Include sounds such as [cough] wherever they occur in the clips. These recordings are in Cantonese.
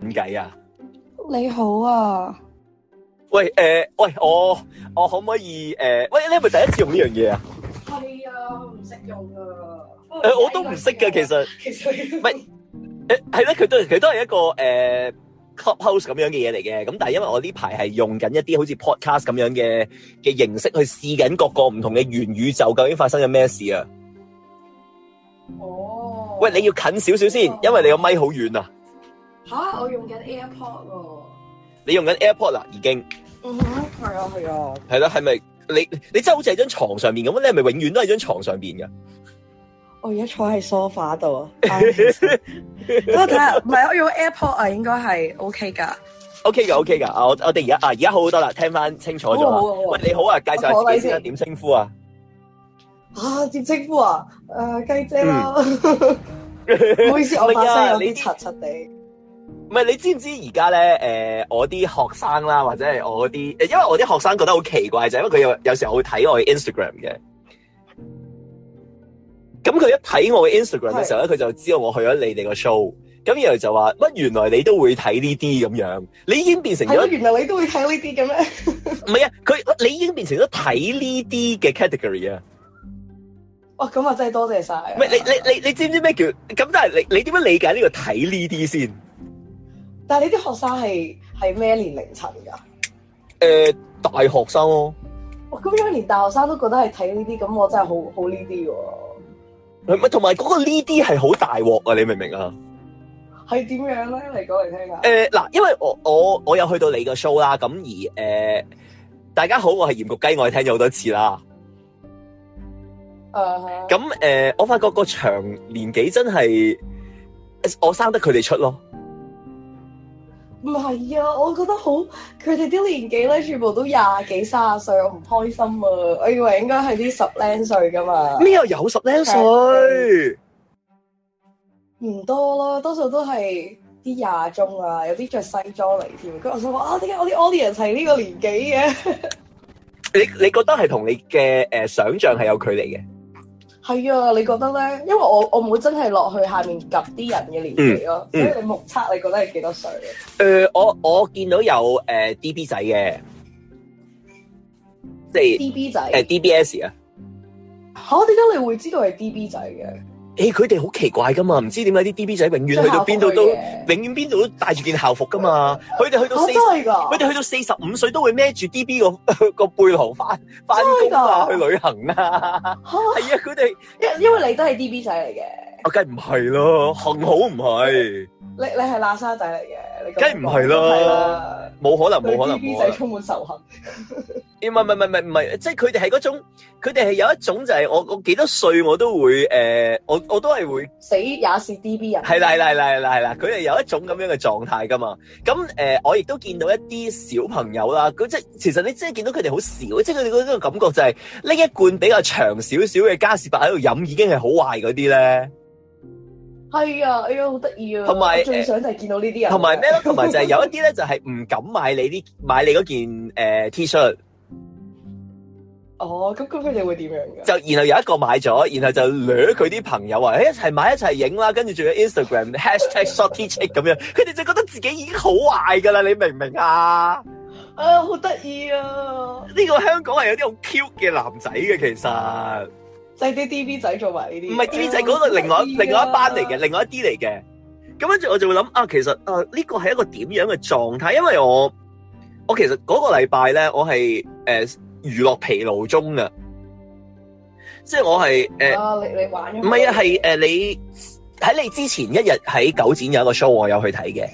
點解啊！你好啊！喂，誒、呃，喂，我我可唔可以誒、呃？喂，你係咪第一次用呢樣嘢啊？係啊，唔識用啊！誒、呃，我都唔識噶，其實 [laughs] 其實唔係誒，係、呃、咧，佢都佢都係一個誒、呃、，Clubhouse 咁樣嘅嘢嚟嘅。咁但係因為我呢排係用緊一啲好似 podcast 咁樣嘅嘅形式去試緊各個唔同嘅元宇宙究竟發生咗咩事啊？哦！喂，你要近少少先，哦、因為你個咪好遠啊！吓、啊！我用緊 AirPod 喎、啊，你用緊 AirPod 啦、啊，已經。嗯哼，係啊，係啊。係啦、啊，係咪你你真係好似喺張床上面咁？你係咪永遠都喺張床上面噶、哎 [laughs] 啊？我而家坐喺 sofa 度。啊。我睇下，唔係我用 AirPod 啊，應該係 OK 噶。OK 噶，OK 噶。啊，我我哋而家啊，而家好好多啦，聽翻清楚咗。喂，你好啊，介紹下自己先點稱、啊、呼啊？嗯、啊，點稱呼啊？誒，雞姐咯。唔 [laughs] 好意思，我把聲有啲柒柒唔係你知唔知而家咧？誒，我啲學生啦，或者係我啲，因為我啲學生覺得好奇怪就係因為佢有有時候會睇我嘅 Instagram 嘅。咁佢一睇我嘅 Instagram 嘅時候咧，佢是的 就知道我去咗你哋個 show。咁然後就話：乜原來你都會睇呢啲咁樣？你已經變成咗？原來你都會睇呢啲咁樣？唔係啊，佢你已經變成咗睇呢啲嘅 category 啊！哇，咁啊真係多謝晒！唔係你你你你知唔知咩叫咁？但係你你點樣理解呢個睇呢啲先？但係你啲學生係係咩年齡層噶？誒、呃，大學生咯、啊。咁樣連大學生都覺得係睇呢啲，咁我真係好好呢啲嘅。同埋嗰個呢啲係好大鑊啊！你明唔明啊？係點樣咧？嚟講嚟聽下。誒，嗱，因為我我我有去到你個 show 啦，咁而誒，大家好，我係鹽焗雞，我聽咗好多次啦。誒、uh。咁、huh. 誒、呃，我發覺個場年紀真係我生得佢哋出咯。唔係啊，我覺得好佢哋啲年紀咧，全部都廿幾卅歲，我唔開心啊！我以為應該係啲十零歲噶嘛，邊有有十零歲。唔多咯，多數都係啲廿中啊，有啲着西裝嚟添。佢我心話啊，點解我啲 audience 係呢個年紀嘅？ [laughs] 你你覺得係同你嘅誒、呃、想像係有距離嘅？係啊，你覺得咧？因為我我唔會真係落去下面及啲人嘅年紀咯，嗯嗯、所以你目測你覺得係幾多歲？誒、呃，我我見到有誒、呃、DB 仔嘅，即、就、係、是、DB 仔誒、呃、DBS 啊嚇？點解你會知道係 DB 仔嘅？誒佢哋好奇怪噶嘛，唔知點解啲 DB 仔永遠去到邊度都，永遠邊度都帶住件校服噶嘛。佢哋 [laughs] 去到四，我都係。佢哋去到四十五歲都會孭住 DB 個背囊翻翻工啊， [laughs] 去旅行啦。係啊，佢哋因因為你都係 DB 仔嚟嘅。我梗唔係啦，幸好唔係。 [laughs] 你你係喇沙仔嚟嘅，你梗唔係啦，冇可能冇可能 B 仔充滿仇恨。唔係唔係唔係唔係，即係佢哋係嗰種，佢哋係有一種就係我我幾多歲我都會誒、呃，我我都係會死也是 D B 人。係啦係啦係啦係啦，佢哋有一種咁樣嘅狀態㗎嘛。咁誒、呃，我亦都見到一啲小朋友啦。即係其實你即係見到佢哋好少，即係佢哋嗰種感覺就係、是、呢一罐比較長少少嘅加士伯喺度飲已經係好壞嗰啲咧。係啊，哎呀，好得意啊！同埋最想就係見到呢啲人同埋、啊。同埋咩咯？同埋就係有一啲咧，就係、係、唔敢買你啲買你嗰件誒、呃、T-shirt，哦，咁咁佢哋會點樣嘅？就然後有一個買咗，然後就掠佢啲朋友啊，誒、哎、一齊買一齊影啦，跟住仲有 Instagram hashtag [laughs] salty chick check 咁樣，佢哋就覺得自己已經好壞噶啦，你明唔明、哎、啊？啊，好得意啊！呢個香港係有啲好 cute 嘅男仔嘅，其實。即係啲 D V 仔做埋呢啲，唔係 D V 仔，嗰、嗰個另外的、啊、另外一班嚟嘅，另外一啲嚟嘅。咁跟住我就會諗啊，其實誒呢個係一個點樣嘅狀態？因為我我其實嗰個禮拜咧，我係誒娛樂疲勞中噶，即係我係誒、呃啊，你你玩唔係啊？係誒、呃，你喺你之前一日喺九展有一個 show，我有去睇嘅。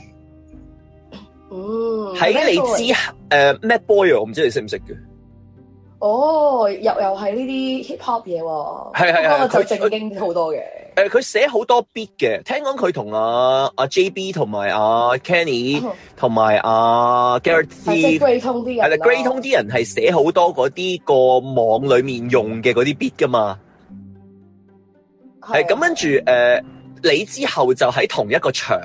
嗯，喺你之誒，Mad、嗯啊、Boy，、er, 我唔知你識唔識嘅。哦，又又係呢啲 hip hop 嘢喎，係係係，佢的正經好多嘅。誒，佢寫好多 beat 嘅，聽講佢同阿、啊、阿、啊、JB 同埋、啊、阿 Kenny 同埋、啊、阿 Gareth Tee 係 Grey 通啲人，Grey 通啲人係寫好多嗰啲、嗯、個網裏面用嘅嗰啲 beat 噶嘛。係咁跟住誒，你之後就喺同一個場，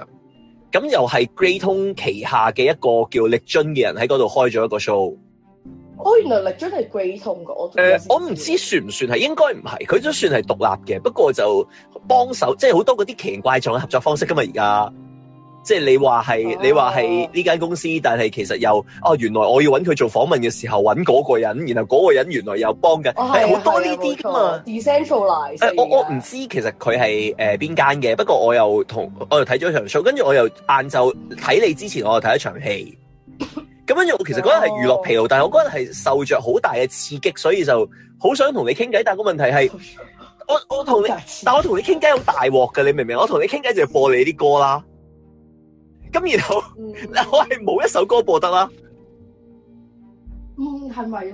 咁又係 Grey 通旗下嘅一個叫力樽嘅人喺嗰度開咗一個 show。哦，原來力張係 g 痛 e、呃、我 t 同我我唔知算唔算係，應該唔係佢都算係獨立嘅。不過就幫手，嗯、即係好多嗰啲奇怪狀嘅合作方式嘛。今日而家即係你話係你話係呢間公司，但係其實又啊、哦，原來我要揾佢做訪問嘅時候揾嗰個人，然後嗰個人原來又幫緊，係好、哦、多呢啲噶嘛。哦、decentralize、呃、我我唔知其實佢係誒邊間嘅，不過我又同我又睇咗場 show，跟住我又晏晝睇你之前，我又睇一場戲。 [laughs] 咁樣用，其實嗰日係娛樂疲勞，但係我嗰日係受着好大嘅刺激，所以就好想同你傾偈。但係個問題係，我我同你， [laughs] 但我同你傾偈好大鑊㗎，你明唔明？我同你傾偈就係播你啲歌啦。咁然後，嗯、 [laughs] 我係冇一首歌播得啦。嗯，係咪咧？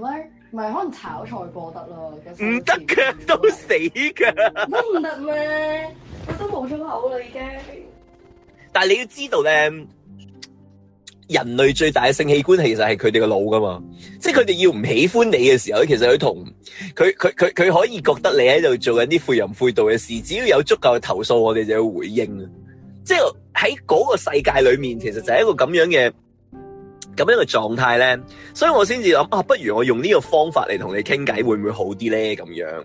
唔係可能炒菜播得咯。唔得嘅，都死嘅、嗯。都唔得咩？ [laughs] 我都冇出口啦，已經。但係你要知道咧。人類最大嘅性器官其實係佢哋個腦㗎嘛，即係佢哋要唔喜歡你嘅時候，其實佢同佢佢佢佢可以覺得你喺度做緊啲誨淫誨盜嘅事，只要有足夠嘅投訴，我哋就要回應啊！即係喺嗰個世界裏面，其實就係一個咁樣嘅咁樣嘅狀態咧，所以我先至諗啊，不如我用呢個方法嚟同你傾偈，會唔會好啲咧？咁樣，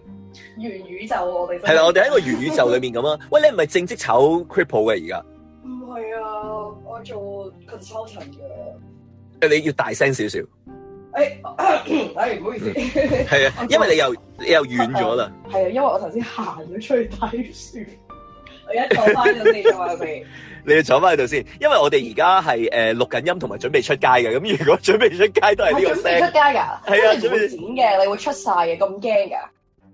元宇宙我哋係啦，我哋喺個元宇宙裏面咁啊！喂，你唔係正式炒 cripple 嘅而家？唔係啊，我做 consultant 嘅。誒，你要大聲少少。誒、哎，誒，唔好意思。係、嗯、啊，因為你又你又遠咗啦。係啊，啊，啊，因為我頭先行咗出去睇書，我而家坐翻咗先。你坐翻喺度先，因為我哋而家係誒錄緊音同埋準備出街嘅。咁如果準備出街都係呢個聲出街噶？係啊，準備剪嘅，你會出晒嘅，咁驚噶？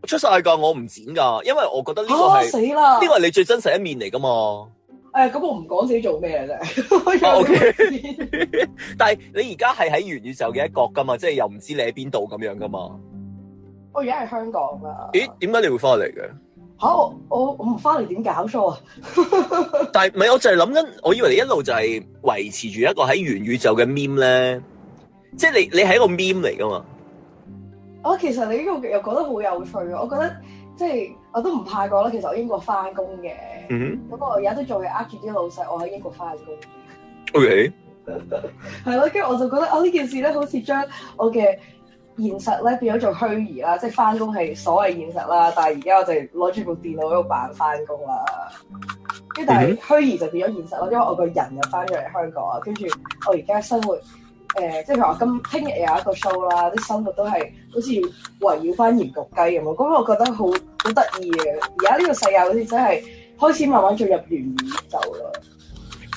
出晒噶，我唔剪噶，因為我覺得呢個係死啦，呢個係你最真實一面嚟噶嘛。誒咁、哎、我唔講自己做咩啦，真係。Oh, okay. [laughs] 但係你而家係喺元宇宙嘅一角㗎嘛，即係又唔知你喺邊度咁樣㗎嘛。我而家係香港啦。咦？點解你會翻嚟嘅？吓、啊，我我唔翻嚟點搞數啊？ [laughs] 但係唔係我就係諗緊，我以為你一路就係維持住一個喺元宇宙嘅 meme 咧，即係你你係一個 meme 嚟㗎嘛。哦，其實你呢個又覺得好有趣啊，我覺得。即係我都唔怕講啦。其實我英國翻工嘅，不過、mm hmm. 我而家都仲係呃住啲老細。我喺英國翻工，OK，係咯。 [laughs] 跟住我就覺得啊，呢、哦、件事咧好似將我嘅現實咧變咗做虛擬啦。即係翻工係所謂現實啦，但係而家我就攞住部電腦喺度扮翻工啦。跟住、mm hmm. 但係虛擬就變咗現實咯，因為我個人又翻咗嚟香港啊。跟住我而家生活。誒，即係譬如話，今聽日有一個 show 啦，啲生活都係好似圍繞翻鹽焗雞咁咯。咁我覺得好好得意嘅。而家呢個世界好似真係開始慢慢進入元宇宙啦。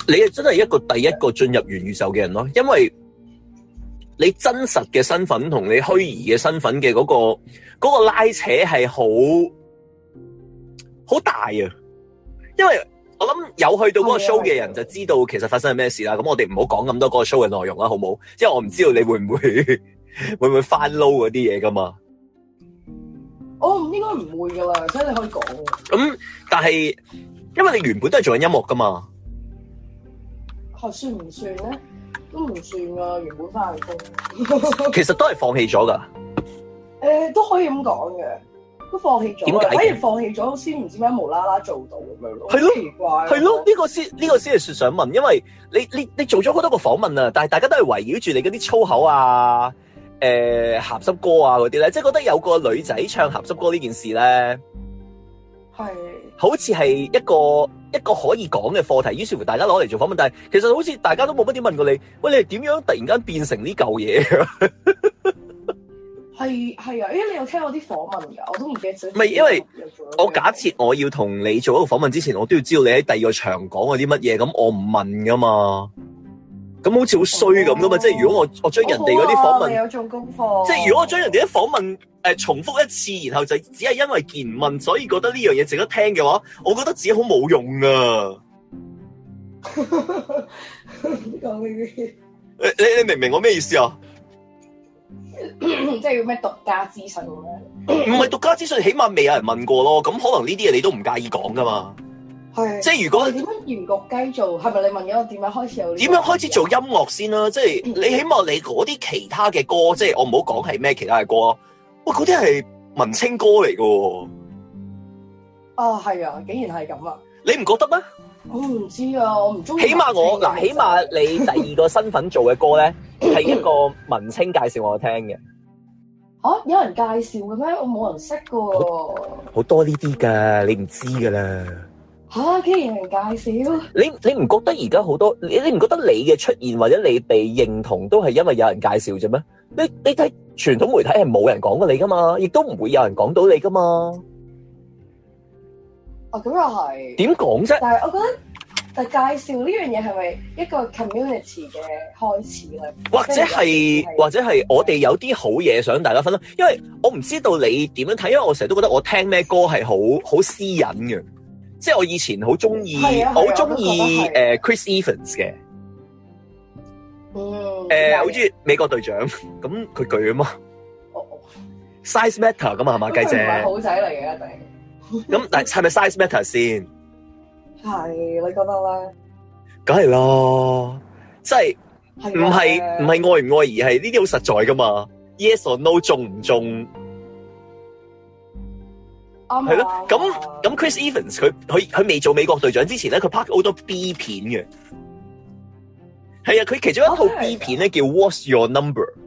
你係真係一個第一個進入元宇宙嘅人咯，因為你真實嘅身份同你虛擬嘅身份嘅嗰個、嗰個拉扯係好好大啊，因為。我諗有去到嗰個 show 嘅人就知道其實發生係咩事啦。咁我哋唔好講咁多嗰個 show 嘅內容啦，好唔好？即係我唔知道你會唔會會唔會翻 low 嗰啲嘢噶嘛。我、哦、應該唔會噶啦，所以你可以講。咁、嗯，但係因為你原本都係做緊音樂噶嘛，係算唔算咧？都唔算㗎。原本翻去工。 [laughs] 其實都係放棄咗噶。誒，都可以咁講嘅。都放棄咗，反而放棄咗先唔知咩無啦啦做到咁樣咯，係咯的，係咯，呢個先呢個先係想問。因為你你你做咗好多個訪問啊，但係大家都係圍繞住你嗰啲粗口啊、誒鹹濕歌啊嗰啲咧，即係覺得有個女仔唱鹹濕歌呢件事咧，係的好似係一個一個可以講嘅課題，於是乎大家攞嚟做訪問，但係其實好似大家都冇乜點問過你，喂，你點樣突然間變成呢嚿嘢？ [laughs] 係係啊，因、欸、為你有聽我啲訪問噶？我都唔記得咗。唔係，因為我假設我要同你做一個訪問之前，我都要知道你喺第二個場講嗰啲乜嘢，咁我唔問噶嘛。咁好似好衰咁噶嘛？哦、即係如果我我將人哋嗰啲訪問我、啊、有做功課，即係如果我將人哋啲訪問誒、呃、重複一次，然後就只係因為健問，所以覺得呢樣嘢值得聽嘅話，我覺得自己好冇用啊！講呢啲，你你明唔明我咩意思啊？ [coughs] 即係要咩獨家資訊咁樣？唔係獨家資訊，起碼未有人問過咯。咁可能呢啲嘢你都唔介意講噶嘛？係的即係如果點樣鹽焗雞做係咪？你問緊我點樣開始有？點樣開始做音樂先啦？即係你起碼你嗰啲其他嘅歌，即係我唔好講係咩其他嘅歌。喂，嗰啲係文青歌嚟噶。啊，係啊，竟然係咁啊！你唔覺得咩？我唔知啊，我唔中意。起碼我嗱，起碼你第二個身份做嘅歌咧，係一個文青介紹我聽嘅。吓，有人介紹嘅咩？我冇人識噶。好多呢啲噶，你唔知噶啦。吓，竟然有人介紹？你你唔覺得而家好多？你你唔覺得你嘅出現或者你被認同都係因為有人介紹啫咩？你你睇傳統媒體係冇人講過你噶嘛，亦都唔會有人講到你噶嘛。哦，咁又係。點講啫？但係我覺得，就介紹呢樣嘢，係咪一個 community 嘅開始咧？或者係，或者係我哋有啲好嘢想大家分享。因為我唔知道你點樣睇，因為我成日都覺得我聽咩歌係好好私隱嘅。即係我以前好中意，好中意誒 Chris Evans 嘅。嗯。誒，好中意美國隊長，咁佢舉啊嘛。Size matter 咁啊嘛，雞姐。唔係好仔嚟嘅一定。咁但係係咪 size matter 先？係你覺得咧？梗係咯，即係唔係唔係愛唔愛而係呢啲好實在噶嘛？Yes or no 中唔中？係咯、啊，咁咁 Chris Evans 佢佢佢未做美國隊長之前咧，佢拍好多 B 片嘅。係啊，佢其中一套 B 片咧、哦、叫 What's Your Number。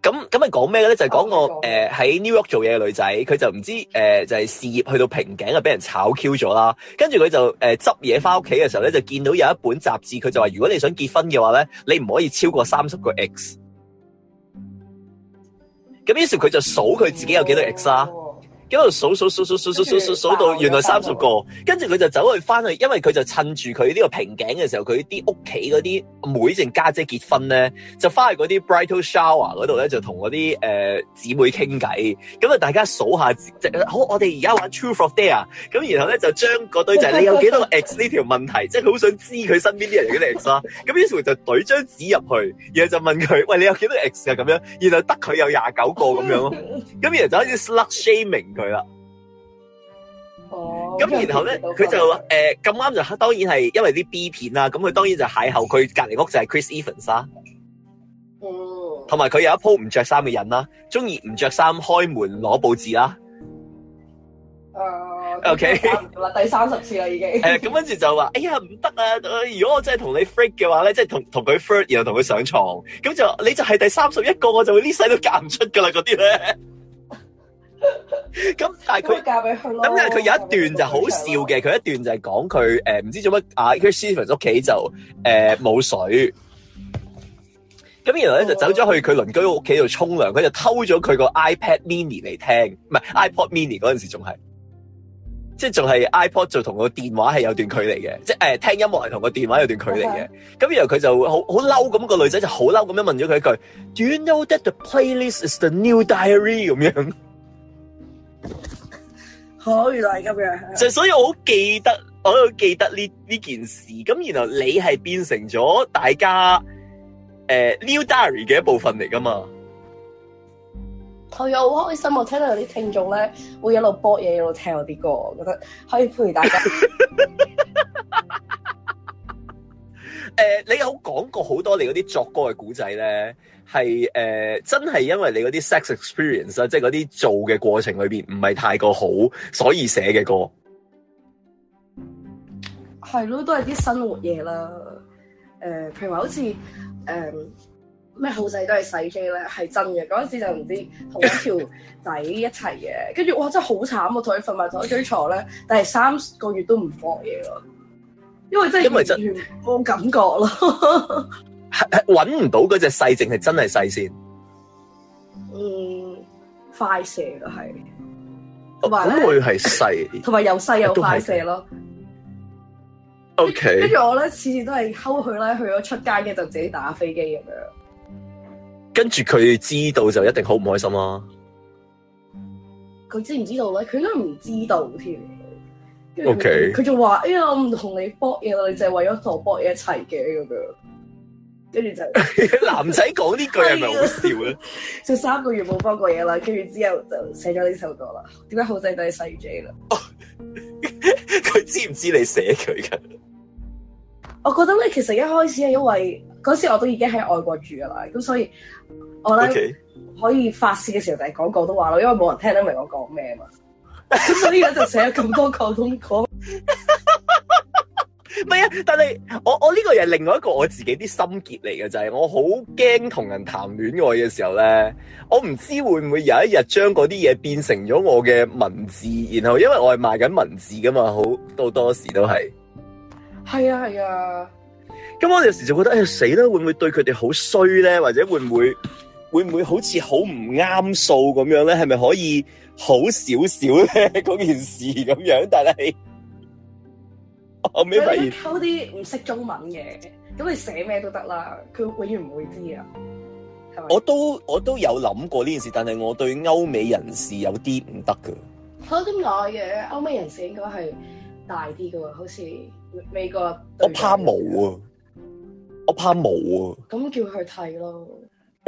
咁咁係講咩咧？就係、是、講個誒喺 New York 做嘢嘅女仔，佢就唔知誒、呃、就係、是、事業去到瓶頸，就俾人炒 Q 咗啦。跟住佢就誒執嘢翻屋企嘅時候咧，就見到有一本雜誌，佢就話：如果你想結婚嘅話咧，你唔可以超過三十個 X。咁於是佢就數佢自己有幾多 X 啦。咁喺度數數數數數到原來三十個，跟住佢就走去翻去，因為佢就趁住佢呢個瓶頸嘅時候，佢啲屋企嗰啲妹剩家姐、姐結婚咧，就翻去嗰啲 bridal shower 嗰度咧，就同嗰啲誒姊妹傾偈，咁啊大家數下，即好，我哋而家玩 truth or dare 咁然後咧就將嗰堆就係你有幾多個 x 呢條問題，即係好想知佢身邊啲人有幾多 x 啦，咁於是就懟張紙入去，然後就問佢，喂，你有幾多個 x 啊咁樣，然後得佢有廿九個咁樣咯，咁然後就好似 slut shaming。佢啦，哦，咁然後咧，佢、嗯、就誒咁啱就當然係，因為啲 B 片啦，咁佢當然就邂逅佢隔籬屋就係 Chris Evans 啦、嗯，哦，同埋佢有一鋪唔着衫嘅人啦，中意唔着衫開門攞報紙啦，誒、嗯、，OK，第三十次啦已經，咁跟住就話，哎呀唔得啊，如果我真係同你 freak 嘅話咧，即係同同佢 freak 然後同佢上床，咁就你就係第三十一個，我就會呢世都嫁唔出噶啦，嗰啲咧。咁 [laughs] 但係他佢嫁畀佢咁，但係佢有一段就好笑嘅。佢一段就係講佢誒，唔的知做乜啊。Ethan Smith 屋企就誒冇、呃、水，咁 [laughs] 然後咧 [laughs] 就走咗去佢鄰居屋企度沖涼。佢就偷咗佢個 iPad Mini 嚟聽，唔係 iPod Mini 嗰陣時仲係即係仲係 iPod，就同個電話係有段距離嘅，即係誒、呃、聽音樂係同個電話有段距離嘅。咁 Okay. 然後佢就好好嬲咁，個女仔就好嬲咁樣問咗佢一句 [laughs] ：Do you know that the playlist is the new diary？咁樣。哦，原來係咁樣。就所以，我好記得，我好記得呢呢件事。咁然後你係變成咗大家誒、呃、New Diary 嘅一部分嚟噶嘛？係啊，好開心！我聽到有啲聽眾咧會一路播嘢，一路聽我啲歌，我覺得可以陪大家。 [laughs] 誒，uh, 你有講過好多你嗰啲作歌嘅古仔咧，係誒、uh, 真係因為你嗰啲 sex experience 啦，即係嗰啲做嘅過程裏邊唔係太過好，所以寫嘅歌。係咯，都係啲生活嘢啦。誒、uh，譬如話好似誒咩好仔都係洗機咧，係真嘅。嗰陣時就唔知同一條仔一齊嘅， [laughs] 跟住哇真係好慘啊！同佢瞓埋同一張床咧， [laughs] 但係三個月都唔放嘢咯。因為真係完全冇感覺咯，係係揾唔到嗰隻細淨係真係細先，嗯，快射咯係，咁會係細，同埋又細又快射咯。O、okay. K，跟住我咧，次次都係溝佢咧，去咗出街嘅就自己打飛機咁樣。跟住佢知道就一定好唔開心啦、啊。佢知唔知，知道咧？佢應該唔知道添。佢 Okay. 就話：哎呀，我唔同你搏嘢啦，你淨係為咗同我搏嘢一齊嘅咁樣。跟住就男仔講呢句係咪好笑咧？ [laughs] 就三個月冇幫過嘢啦，跟住之後就寫咗呢首歌啦。點解好仔都係細 J 啦？哦，佢知唔知你寫佢噶？ [laughs] 我覺得咧，其實一開始係因為嗰時我都已經喺外國住噶啦，咁所以我咧 Okay. 可以發泄嘅時候就係講廣東話咯，因為冇人聽得明我講咩啊嘛。 [laughs] 所以我就寫咁多溝通講，唔係啊！但係我我呢個又係另外一個我自己啲心結嚟嘅就係、是，我好驚同人談戀愛嘅時候咧，我唔知會唔會有一日將嗰啲嘢變成咗我嘅文字，然後因為我係賣緊文字噶嘛，好到多時都係。係啊係啊。咁、啊、我有時就覺得誒、哎、死啦，會唔會對佢哋好衰咧，或者會唔會？會唔會好似好唔啱數咁樣咧？係咪可以好少少咧？嗰 [laughs] 件事咁樣，但係我未發現。溝啲唔識中文嘅，咁你寫咩都得啦，佢永遠唔會知啊。我都我都有諗過呢件事，但係我對歐美人士有啲唔得噶。好咁耐嘅歐美人士應該係大啲噶喎，好似美國。我怕冇啊！我怕冇啊！咁、啊啊、叫佢去睇咯。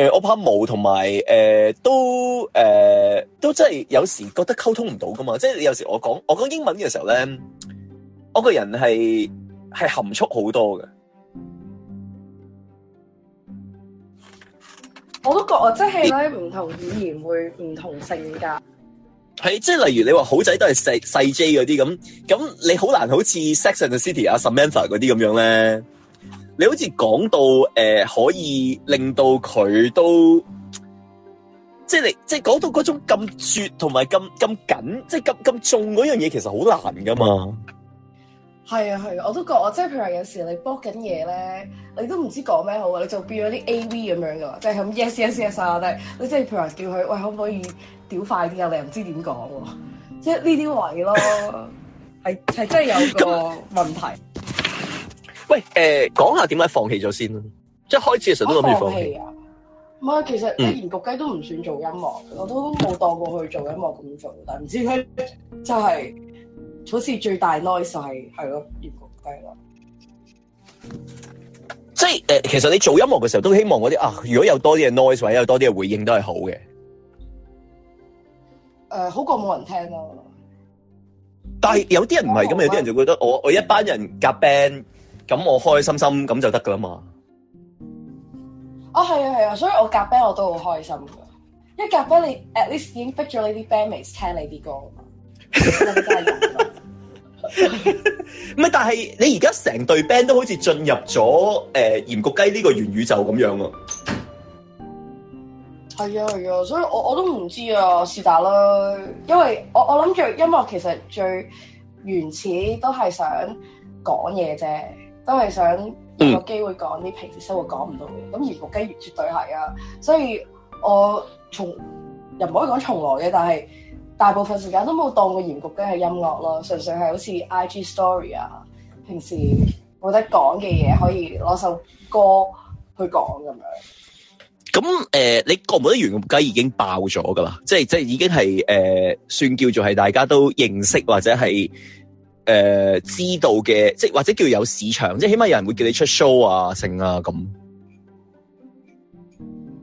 誒、呃，我怕冇同埋，誒、呃、都，誒、呃、都真係有時覺得溝通唔到㗎嘛，即係你有時我講我講英文嘅時候咧，我個人係係含蓄好多嘅。我都覺啊，即係咧唔同語言會唔同性格。係，即係例如你話好仔都係細細 J 嗰啲咁，咁你好難好似 Sex and the City 阿、啊、Samantha 嗰啲咁樣咧。你好似講到誒、呃，可以令到佢都即係你，即係講到嗰種咁絕同埋咁咁緊，即係咁咁重嗰樣嘢，其實好難噶嘛。係啊係，我都覺啊，即係譬如話有時你搏緊嘢咧，你都唔知講咩好啊，你就變咗啲 A V 咁樣噶，就係咁 yes yes yes 啊，但係你即係譬如話叫佢喂可唔可以屌快啲啊，你又唔知點講，即係呢啲位咯，係係 [laughs] 真係有個問題。喂，誒、呃，講下點解放棄咗先啦，即係開始嘅時候都諗住放棄啊。唔係，其實鹽焗雞都唔算做音樂，嗯、我都冇當過去做音樂咁做。但唔知佢就係好似最大的 noise 係係咯，鹽焗雞咯。即係誒、呃，其實你做音樂嘅時候都希望嗰啲啊，如果有多啲嘅 noise 或者有多啲嘅回應都係好嘅。誒、呃，好過冇人聽咯、啊。但係有啲人唔係咁，有啲人就覺得我我一班人夾 band。咁我開心心咁就得噶啦嘛！哦，係啊係啊，所以我夾 band 我都好開心噶。因為夾 band 你 at least 已經逼咗你啲 bandmates 聽你啲歌啊嘛。唔係、 [laughs] 嗯，真 [laughs] [laughs] 但係你而家成隊 band 都好似進入咗誒鹽焗雞呢個元宇宙咁樣啊！係啊係啊，所以我我都唔知啊，是但啦。因為我我諗住音樂其實最原始都係想講嘢啫。都係想有機會講啲平時生活講唔到嘅，咁、嗯、鹽焗雞絕對係啊！所以我從又唔可以講從來嘅，但係大部分時間都冇當過鹽焗雞係音樂咯，純粹係好似 I G Story 啊，平時冇得講嘅嘢可以攞首歌去講咁樣。咁誒、呃，你覺唔覺得鹽焗雞已經爆咗㗎啦？即係即係已經係誒、呃，算叫做係大家都認識或者係。誒、呃、知道嘅，即係或者叫有市場，即係起碼有人會叫你出 show 啊、盛啊咁。這樣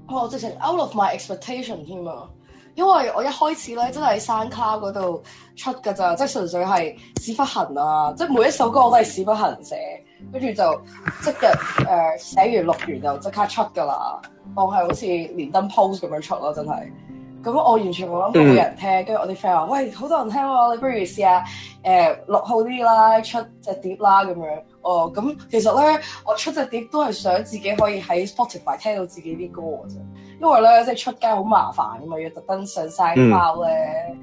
哦，直情 out of my expectation 添啊，因為我一開始咧真係喺山卡嗰度出㗎咋，即係純粹係屎忽痕啊！即係每一首歌我都係屎忽痕寫，跟住就即日誒、呃、寫完錄完就即刻出㗎啦，當係好似連登 post 咁樣出咯，真係。咁我完全冇諗過，冇人聽。跟住、嗯、我啲 friend 話喂，好多人聽喎，你不如試下誒落好啲啦，出隻碟啦咁樣。哦，咁其實咧，我出隻碟都係想自己可以喺 Spotify 聽到自己啲歌嘅啫。因為咧，即係出街好麻煩㗎嘛，要特登上晒包咧，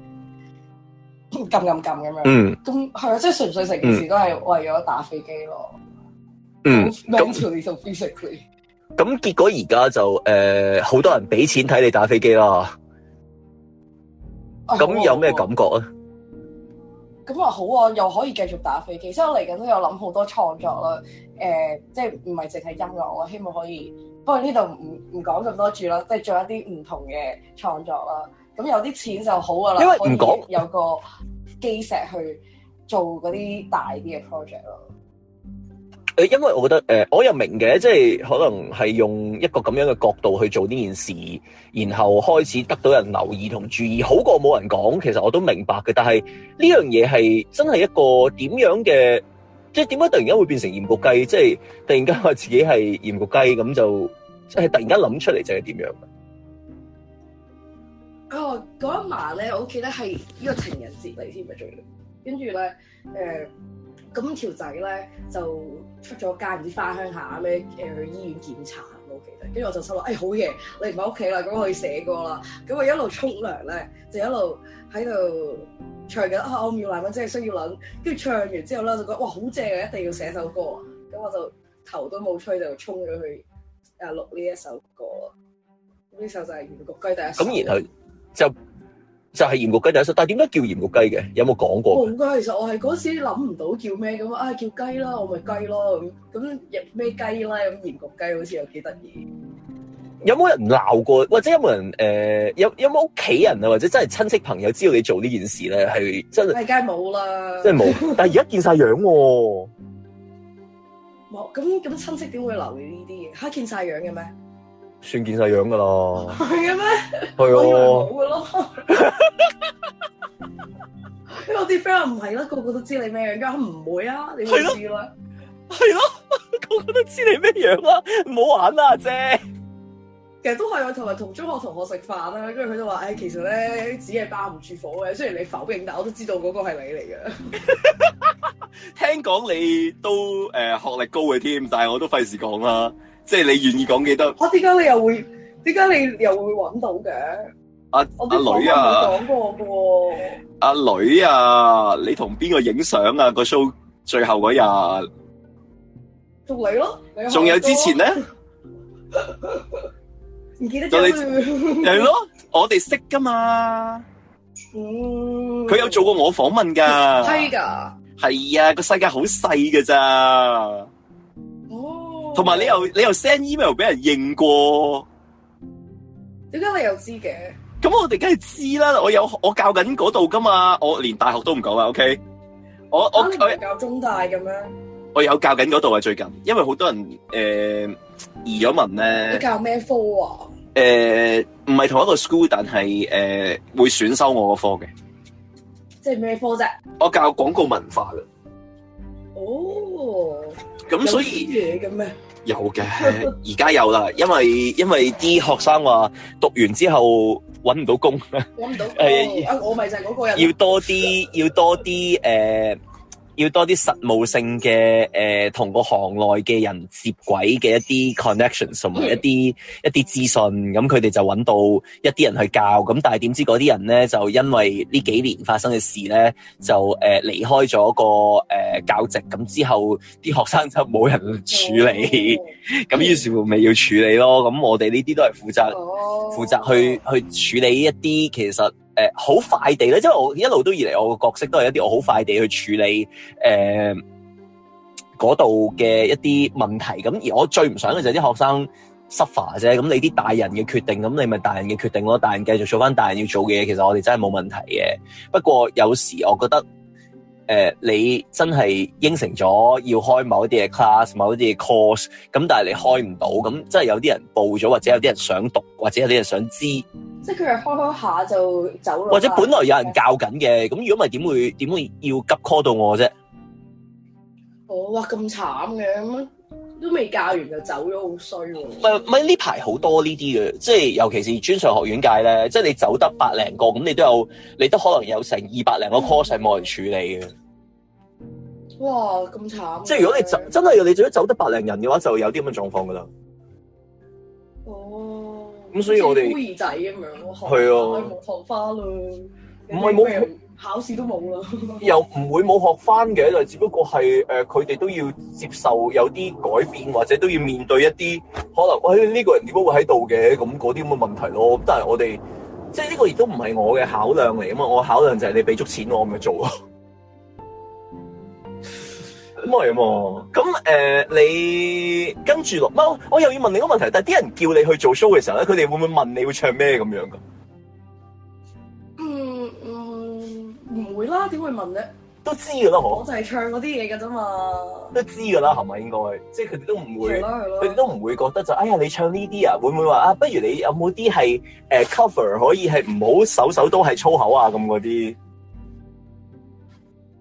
撳撳撳咁樣。嗯。咁係啊，即係純粹成件事都係為咗打飛機咯。嗯。咁你就飛咗佢。咁 and 結果而家就誒好、呃、多人俾錢睇你打飛機咯。咁有咩感覺啊？咁啊好啊，好啊，又可以繼續打飛機，所以我嚟緊都有諗好多創作啦。呃，即係唔係淨係音樂，我希望可以，不過呢度唔唔講咁多住啦，即係做一啲唔同嘅創作啦。咁有啲錢就好噶啦，因為有個基石去做嗰啲大啲嘅 project 咯。誒，因為我覺得誒、呃，我又明嘅，即係可能係用一個咁樣嘅角度去做呢件事，然後開始得到人留意同注意，好過冇人講。其實我都明白嘅，但係呢樣嘢係真係一個點樣嘅，即係點解突然間會變成鹽焗雞？即係突然間我自己係鹽焗雞咁就，即係突然間諗出嚟就係點樣的？哦，嗰一晚咧，我記得係呢個情人節嚟添，唔係仲要。跟住咧，誒，咁、呃、條仔咧就出咗街，唔知翻鄉下咩誒？去、呃、醫院檢查，我記得。跟住我就心諗，誒好嘢，你唔喺屋企啦，咁可以寫歌啦。咁我一路沖涼咧，就一路喺度唱緊啊！我妙要奶真係需要諗。跟住唱完之後咧，就覺得，哇「哇好正啊！一定要寫首歌啊！咁我就頭都冇吹就衝咗去誒錄呢一首歌。呢首就係《原角居》第一首。咁然後就。就係鹽焗雞有得食，但係點解叫鹽焗雞嘅？有冇講過？冇嘅，其實我係嗰時諗唔到叫咩咁啊，叫雞啦，我咪雞咯咁，咁咩雞啦？咁鹽焗雞好似有幾得意。有冇人鬧過？或者有冇人誒、呃，有有冇屋企人啊？或者真係親戚朋友知道你做呢件事咧？係真係梗係冇啦，沒有真係冇。 [laughs] 但係而家見晒樣喎、哦。冇咁咁親戚點會留意呢啲嘢？嚇見晒樣嘅咩？算見晒樣噶啦，係嘅咩？係咯、哦，因為我啲 friend 唔係啦， [laughs] 不是個個都知道你咩樣，唔會啊，你唔知咧，係咯，個個都知，道的的個都知道你咩樣啦，唔好玩啦，姐。其實都係我同埋同中學同學食飯啦，跟住佢都話，誒、哎，其實咧紙係包唔住火嘅，雖然你否認，但我都知道嗰個係你嚟嘅。 [laughs] 聽講你都誒、呃、學歷高嘅添，但係我都費事講啦。即係你願意講幾多？我點解你又會？點解你又會揾到嘅？阿阿女啊，講、啊啊、過阿、啊、女啊，你同邊個影相啊？個 show 最後嗰日，同你咯？仲有之前咧？唔 [laughs] 記得咗。你嚟們 [laughs] 咯，我哋識噶嘛？佢、嗯、有做過我訪問噶？係噶的。係啊，個世界好細噶咋。同埋你又你又 send email 俾人認過，點解你又知嘅？咁我哋梗係知啦，我有我教緊嗰度㗎嘛，我連大學都唔講啦，OK？我我教中大嘅咩？我有教緊嗰度啊，最近，因為好多人誒、呃、移咗民咧。你教咩科啊？誒唔係同一個 school，但係誒、呃、會選修我個科嘅。即係咩科啫？我教廣告文化啦。哦，咁所以嘢嘅咩？有嘅，而家有啦，因為因為啲學生話讀完之後搵唔到工，搵唔到工。我咪就係嗰個人，要多啲，要多啲誒。要多啲實務性嘅誒，同、呃、個行內嘅人接軌嘅一啲 connections 同埋、嗯、一啲一啲資訊，咁佢哋就揾到一啲人去教，咁但係點知嗰啲人呢？就因為呢幾年發生嘅事呢，就誒、呃、離開咗個誒、呃、教席，咁之後啲學生就冇人處理，咁、嗯、 [laughs] 於是乎咪要處理咯，咁我哋呢啲都係負責負責去去處理一啲其實。誒好、呃、快地咧，即係我一路都以嚟，我個角色都係一啲我好快地去處理誒嗰度嘅一啲問題。咁而我最唔想嘅就係啲學生 suffer 啫。咁你啲大人嘅決定，咁你咪大人嘅決定咯。大人繼續做翻大人要做嘅嘢，其實我哋真係冇問題嘅。不過有時我覺得。誒、呃，你真係應承咗要開某一啲嘅 class，某一啲嘅 course，咁但係你開唔到，咁即係有啲人報咗，或者有啲人想讀，或者有啲人想知，即係佢係開開下就走啦。或者本來有人教緊嘅，咁如果唔係點會點會要急 call 到我啫？哦，哇、啊，咁慘嘅。都未教完就走咗，好衰喎！唔係唔係，呢排好多呢啲嘅，即係尤其是專上學院界咧，即係你走得百零個，咁你都有你都可能有成二百零個 course 係冇人處理嘅。嗯。哇，咁慘、啊！即係如果你走真係你最多走得百零人嘅話，就會有啲咁嘅狀況噶啦。哦，咁所以我哋，即係孤兒仔咁樣咯，係啊無桃花咯，唔係冇。考試都冇啦， [laughs] 又唔會冇學翻嘅，就只不過係誒佢哋都要接受有啲改變，或者都要面對一啲可能，喂、哎、呢、呢個人點解會喺度嘅？咁嗰啲咁嘅問題咯。但係我哋即係呢個亦都唔係我嘅考量嚟啊嘛！我考量就係你俾足錢我，我咪做咯。咁係啊嘛。咁誒、呃，你跟住落，唔我又要問你個問題。但係啲人叫你去做 show 嘅時候咧，佢哋會唔會問你會唱咩咁樣噶？點、啊、會問咧？都知噶啦，我就係唱嗰啲嘢噶啫嘛。都知噶啦，係咪應該？即係佢哋都唔會，佢哋都唔會覺得就哎呀，你唱呢啲啊？會唔會話啊？不如你有冇啲係誒 cover 可以係唔好首首都係粗口啊咁嗰啲？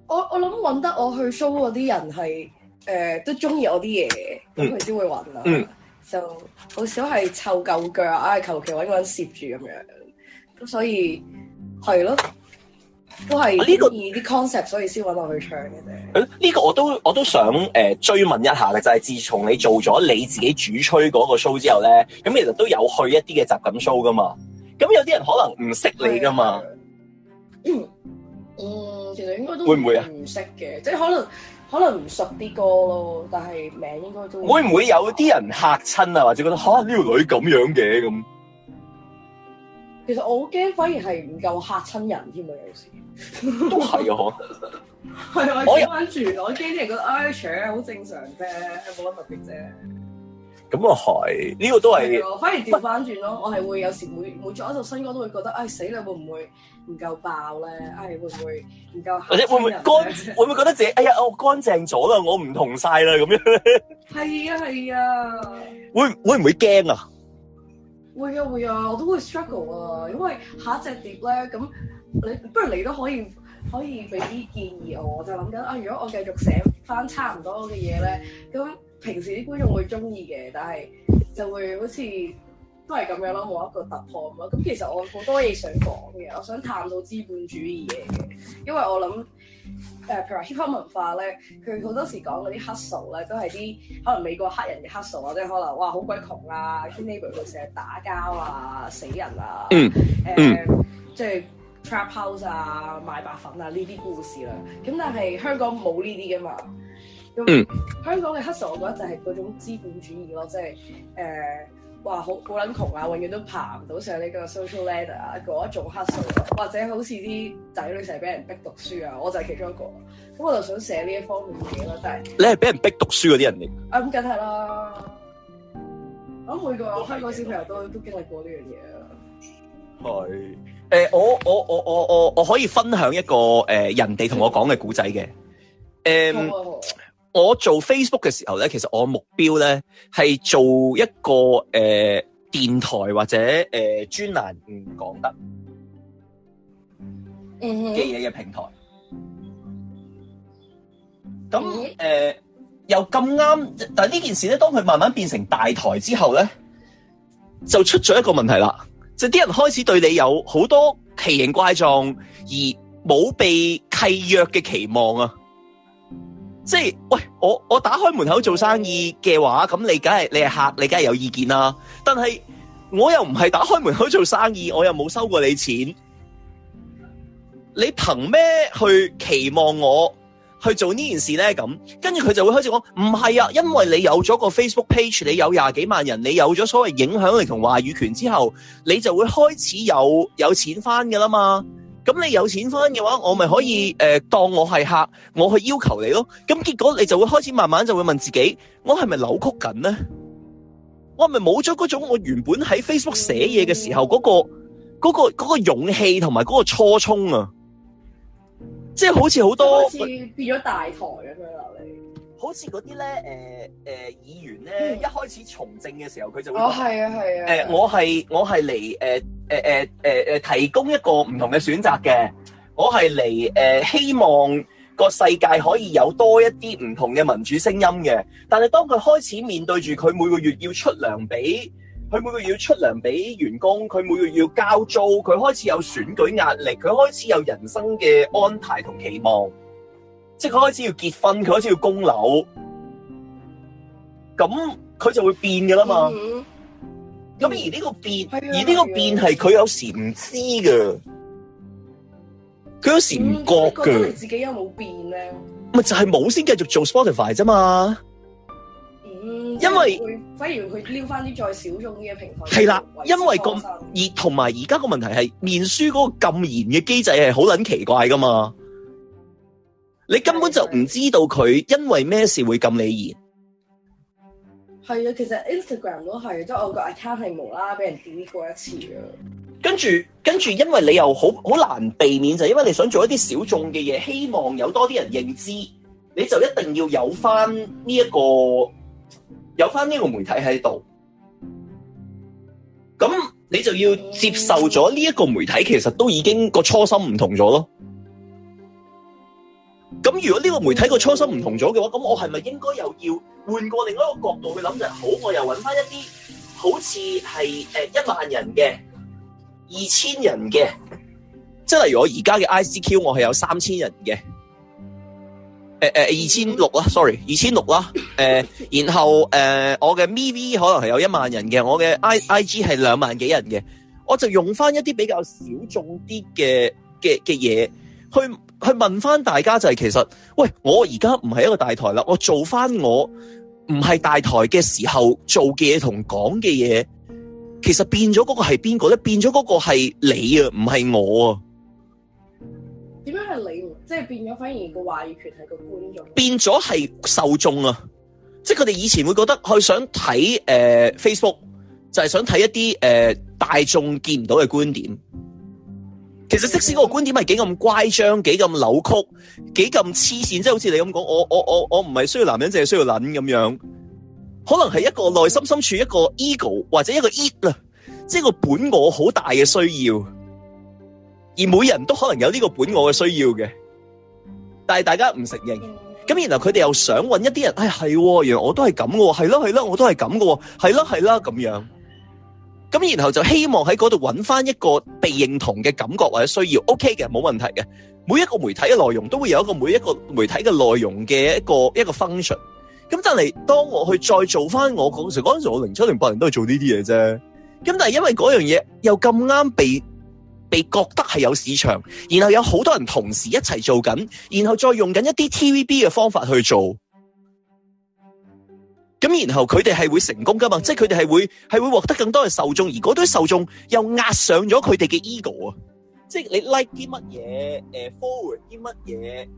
我我諗搵得我去 show 的、呃、我的 s h 搜嗰啲人係誒都中意我啲嘢，咁佢先會搵、嗯、啊。就好少係湊夠腳，哎求其搵個人攝住咁樣。咁所以係咯。都係呢個以啲 concept，所以先揾我去唱嘅啫。誒、啊，呢、呢個我都我都想誒、呃、追問一下嘅，就係、是、自從你做咗你自己主吹嗰個 show 之後咧，咁其實都有去一啲嘅雜錦 show 噶嘛。咁有啲人可能唔識你噶嘛，嗯。嗯，其實應該都唔識嘅，會唔會啊？唔識嘅，即係可能可能唔熟啲歌咯，但係名應該都會唔會有啲人嚇親啊？或者覺得嚇呢條女咁樣嘅咁。其實我好驚，反而係唔夠嚇親人添啊！有時。都係啊，我係 [laughs] 我關注我驚人個 a i 好正常啫，係冇乜特別啫。咁啊係，呢、這個都係反而調翻轉咯。但我係會有時每每做一首新歌都會覺得唉、哎、死啦會唔會唔夠爆咧？唉、哎、會唔會唔夠或者會唔會乾會唔會覺得自己哎呀我乾淨咗啦，我唔同晒啦咁樣咧？係啊係啊，會會唔會驚啊？會，會，會，啊會啊會啊，我都會 struggle 啊，因為下一隻碟咧咁。你不如你都可以可以俾啲建議我，我就諗緊啊！如果我繼續寫翻差唔多嘅嘢咧，咁平時啲觀眾會中意嘅，但係就會好似都係咁樣咯，冇一個突破咁。其實我好多嘢想講嘅，我想探到資本主義嘢嘅，因為我諗誒譬如話 hip hop 文化咧，佢好多時講嗰啲黑數咧，都係啲可能美國黑人嘅黑數啊，即係可能哇好鬼窮啊，跟 neighbour 佢成日打交啊，死人啊，嗯誒即係。trap house 啊，賣白粉啊，呢啲故事啦，啊，咁但係香港冇呢啲噶嘛。嗯，香港嘅黑數，我覺得就係嗰種資本主義咯，即係誒，哇，好好撚窮啊，永遠都爬唔到上呢個 social ladder 啊，嗰一種黑數啊，或者好似啲仔女成日俾人逼讀書啊，我就係其中一個，咁我就想寫呢一方面嘅嘢咯，即係你係俾人逼讀書嗰啲人嚟，啊，咁梗係啦，我、嗯、每個香港小朋友都都經歷過呢樣嘢。誒，我我我我我我可以分享一個誒、呃、人哋同我講嘅古仔嘅誒，呃、 [laughs] 我做 Facebook 嘅時候咧，其實我目標咧係做一個誒、呃、電台或者誒專欄唔講得嘅嘢嘅平台。咁誒、呃、又咁啱，但係呢件事咧，當佢慢慢變成大台之後咧，就出咗一個問題啦。就啲人開始對你有好多奇形怪狀而冇被契約嘅期望啊！即係喂，我我打開門口做生意嘅話，咁你梗係你係客，你梗係有意見啦，啊。但係我又唔係打開門口做生意，我又冇收過你錢，你憑咩去期望我？去做呢件事呢，咁跟住佢就會開始講，唔係啊，因為你有咗個 Facebook page，你有廿幾萬人，你有咗所謂影響力同話語權之後，你就會開始有有錢翻㗎啦嘛。咁你有錢翻嘅話，我咪可以誒、呃、當我係客，我去要求你咯。咁結果你就會開始慢慢就會問自己，我係咪扭曲緊呢？我係咪冇咗嗰種我原本喺 Facebook 寫嘢嘅時候嗰、嗰個嗰嗰、嗰個嗰個勇氣同埋嗰個初衷啊？即係好似好多，好似變咗大台咁樣啦！你好似嗰啲咧，誒、呃、誒、呃、議員咧，嗯、一開始從政嘅時候佢就會話、哦啊啊呃，我係啊係啊，誒我係我係嚟誒誒誒誒誒提供一個唔同嘅選擇嘅，我係嚟誒希望個世界可以有多一啲唔同嘅民主聲音嘅，但係當佢開始面對住佢每個月要出糧俾佢每個月要出糧俾員工，佢每個月要交租，佢開始有選舉壓力，佢開始有人生嘅安排同期望，即係佢開始要結婚，佢開始要供樓，咁佢就會變噶啦嘛。咁、嗯、而呢個變，嗯、而呢個變係佢有時唔知噶，佢有時唔覺噶。嗯、自己有冇變咧？咪就係冇先繼續做 Spotify 啫嘛。因為，會反而佢撩翻啲再小眾啲嘅平台。係啦，因為咁而同埋而家個問題係面書嗰個禁言嘅機制係好撚奇怪噶嘛，你根本就唔知道佢因為咩事會禁你言。係啊，其實 Instagram 都係，即係我個 account 係無啦啦俾人 delete 過一次啊。跟住，跟住，因為你又好好難避免就係、因為你想做一啲小眾嘅嘢，希望有多啲人認知，你就一定要有翻呢一個。有翻呢個媒體喺度，咁你就要接受咗呢一個媒體，其實都已經個初心唔同咗咯。咁如果呢個媒體個初心唔同咗嘅話，咁我係咪應該又要換過另外一個角度去諗就係、好？我又搵翻一啲好似係誒一萬人嘅、二千人嘅，即係例如我而家嘅 ICQ，我係有三千人嘅。誒誒，二千六啦，sorry，二千六啦。誒，然後誒，uh，我嘅 M V 可能係有一萬人嘅，我嘅 I I G 係兩萬幾人嘅，我就用翻一啲比較小眾啲嘅嘅嘅嘢去去問翻大家，就係其實，喂，我而家唔係一個大台啦，我做翻我唔係大台嘅時候做嘅嘢同講嘅嘢，其實變咗個係邊個咧？變咗個係你啊，唔係我啊？點樣係你？即係變咗，反而個話語權係個觀眾變咗係受眾啊！即係佢哋以前會覺得佢想睇誒、呃、Facebook，就係想睇一啲誒、呃、大眾見唔到嘅觀點。其實，嗯、即使嗰個觀點係幾咁乖張、幾咁扭曲、幾咁黐線，即，就，係，是，好似你咁講，我我我我唔係需要男人，淨係需要撚咁樣，可能係一個內心深處一個 ego 或者一個 id 啊，即，就，係，是，個本我好大嘅需要，而每人都可能有呢個本我嘅需要嘅。但係大家唔承認，咁然後佢哋又想揾一啲人，唉係，原來我都係咁嘅喎，係咯係咯，我都係咁嘅喎，係咯係咯咁樣。咁然後就希望喺嗰度揾翻一個被認同嘅感覺或者需要，OK 嘅，冇問題嘅。每一個媒體嘅內容都會有一個每一個媒體嘅內容嘅一個一個 function。咁但係當我去再做翻我嗰陣時，嗰陣時我零七零八年都係做呢啲嘢啫。咁但係因為嗰樣嘢又咁啱被。你覺得係有市場，然後有好多人同時一齊做緊，然後再用緊一啲 TVB 嘅方法去做，咁然後佢哋係會成功㗎嘛？即係佢哋係會係會獲得更多嘅受眾，而嗰堆受眾又壓上咗佢哋嘅 ego 啊！即係你 like 啲乜嘢，誒 forward 啲乜嘢，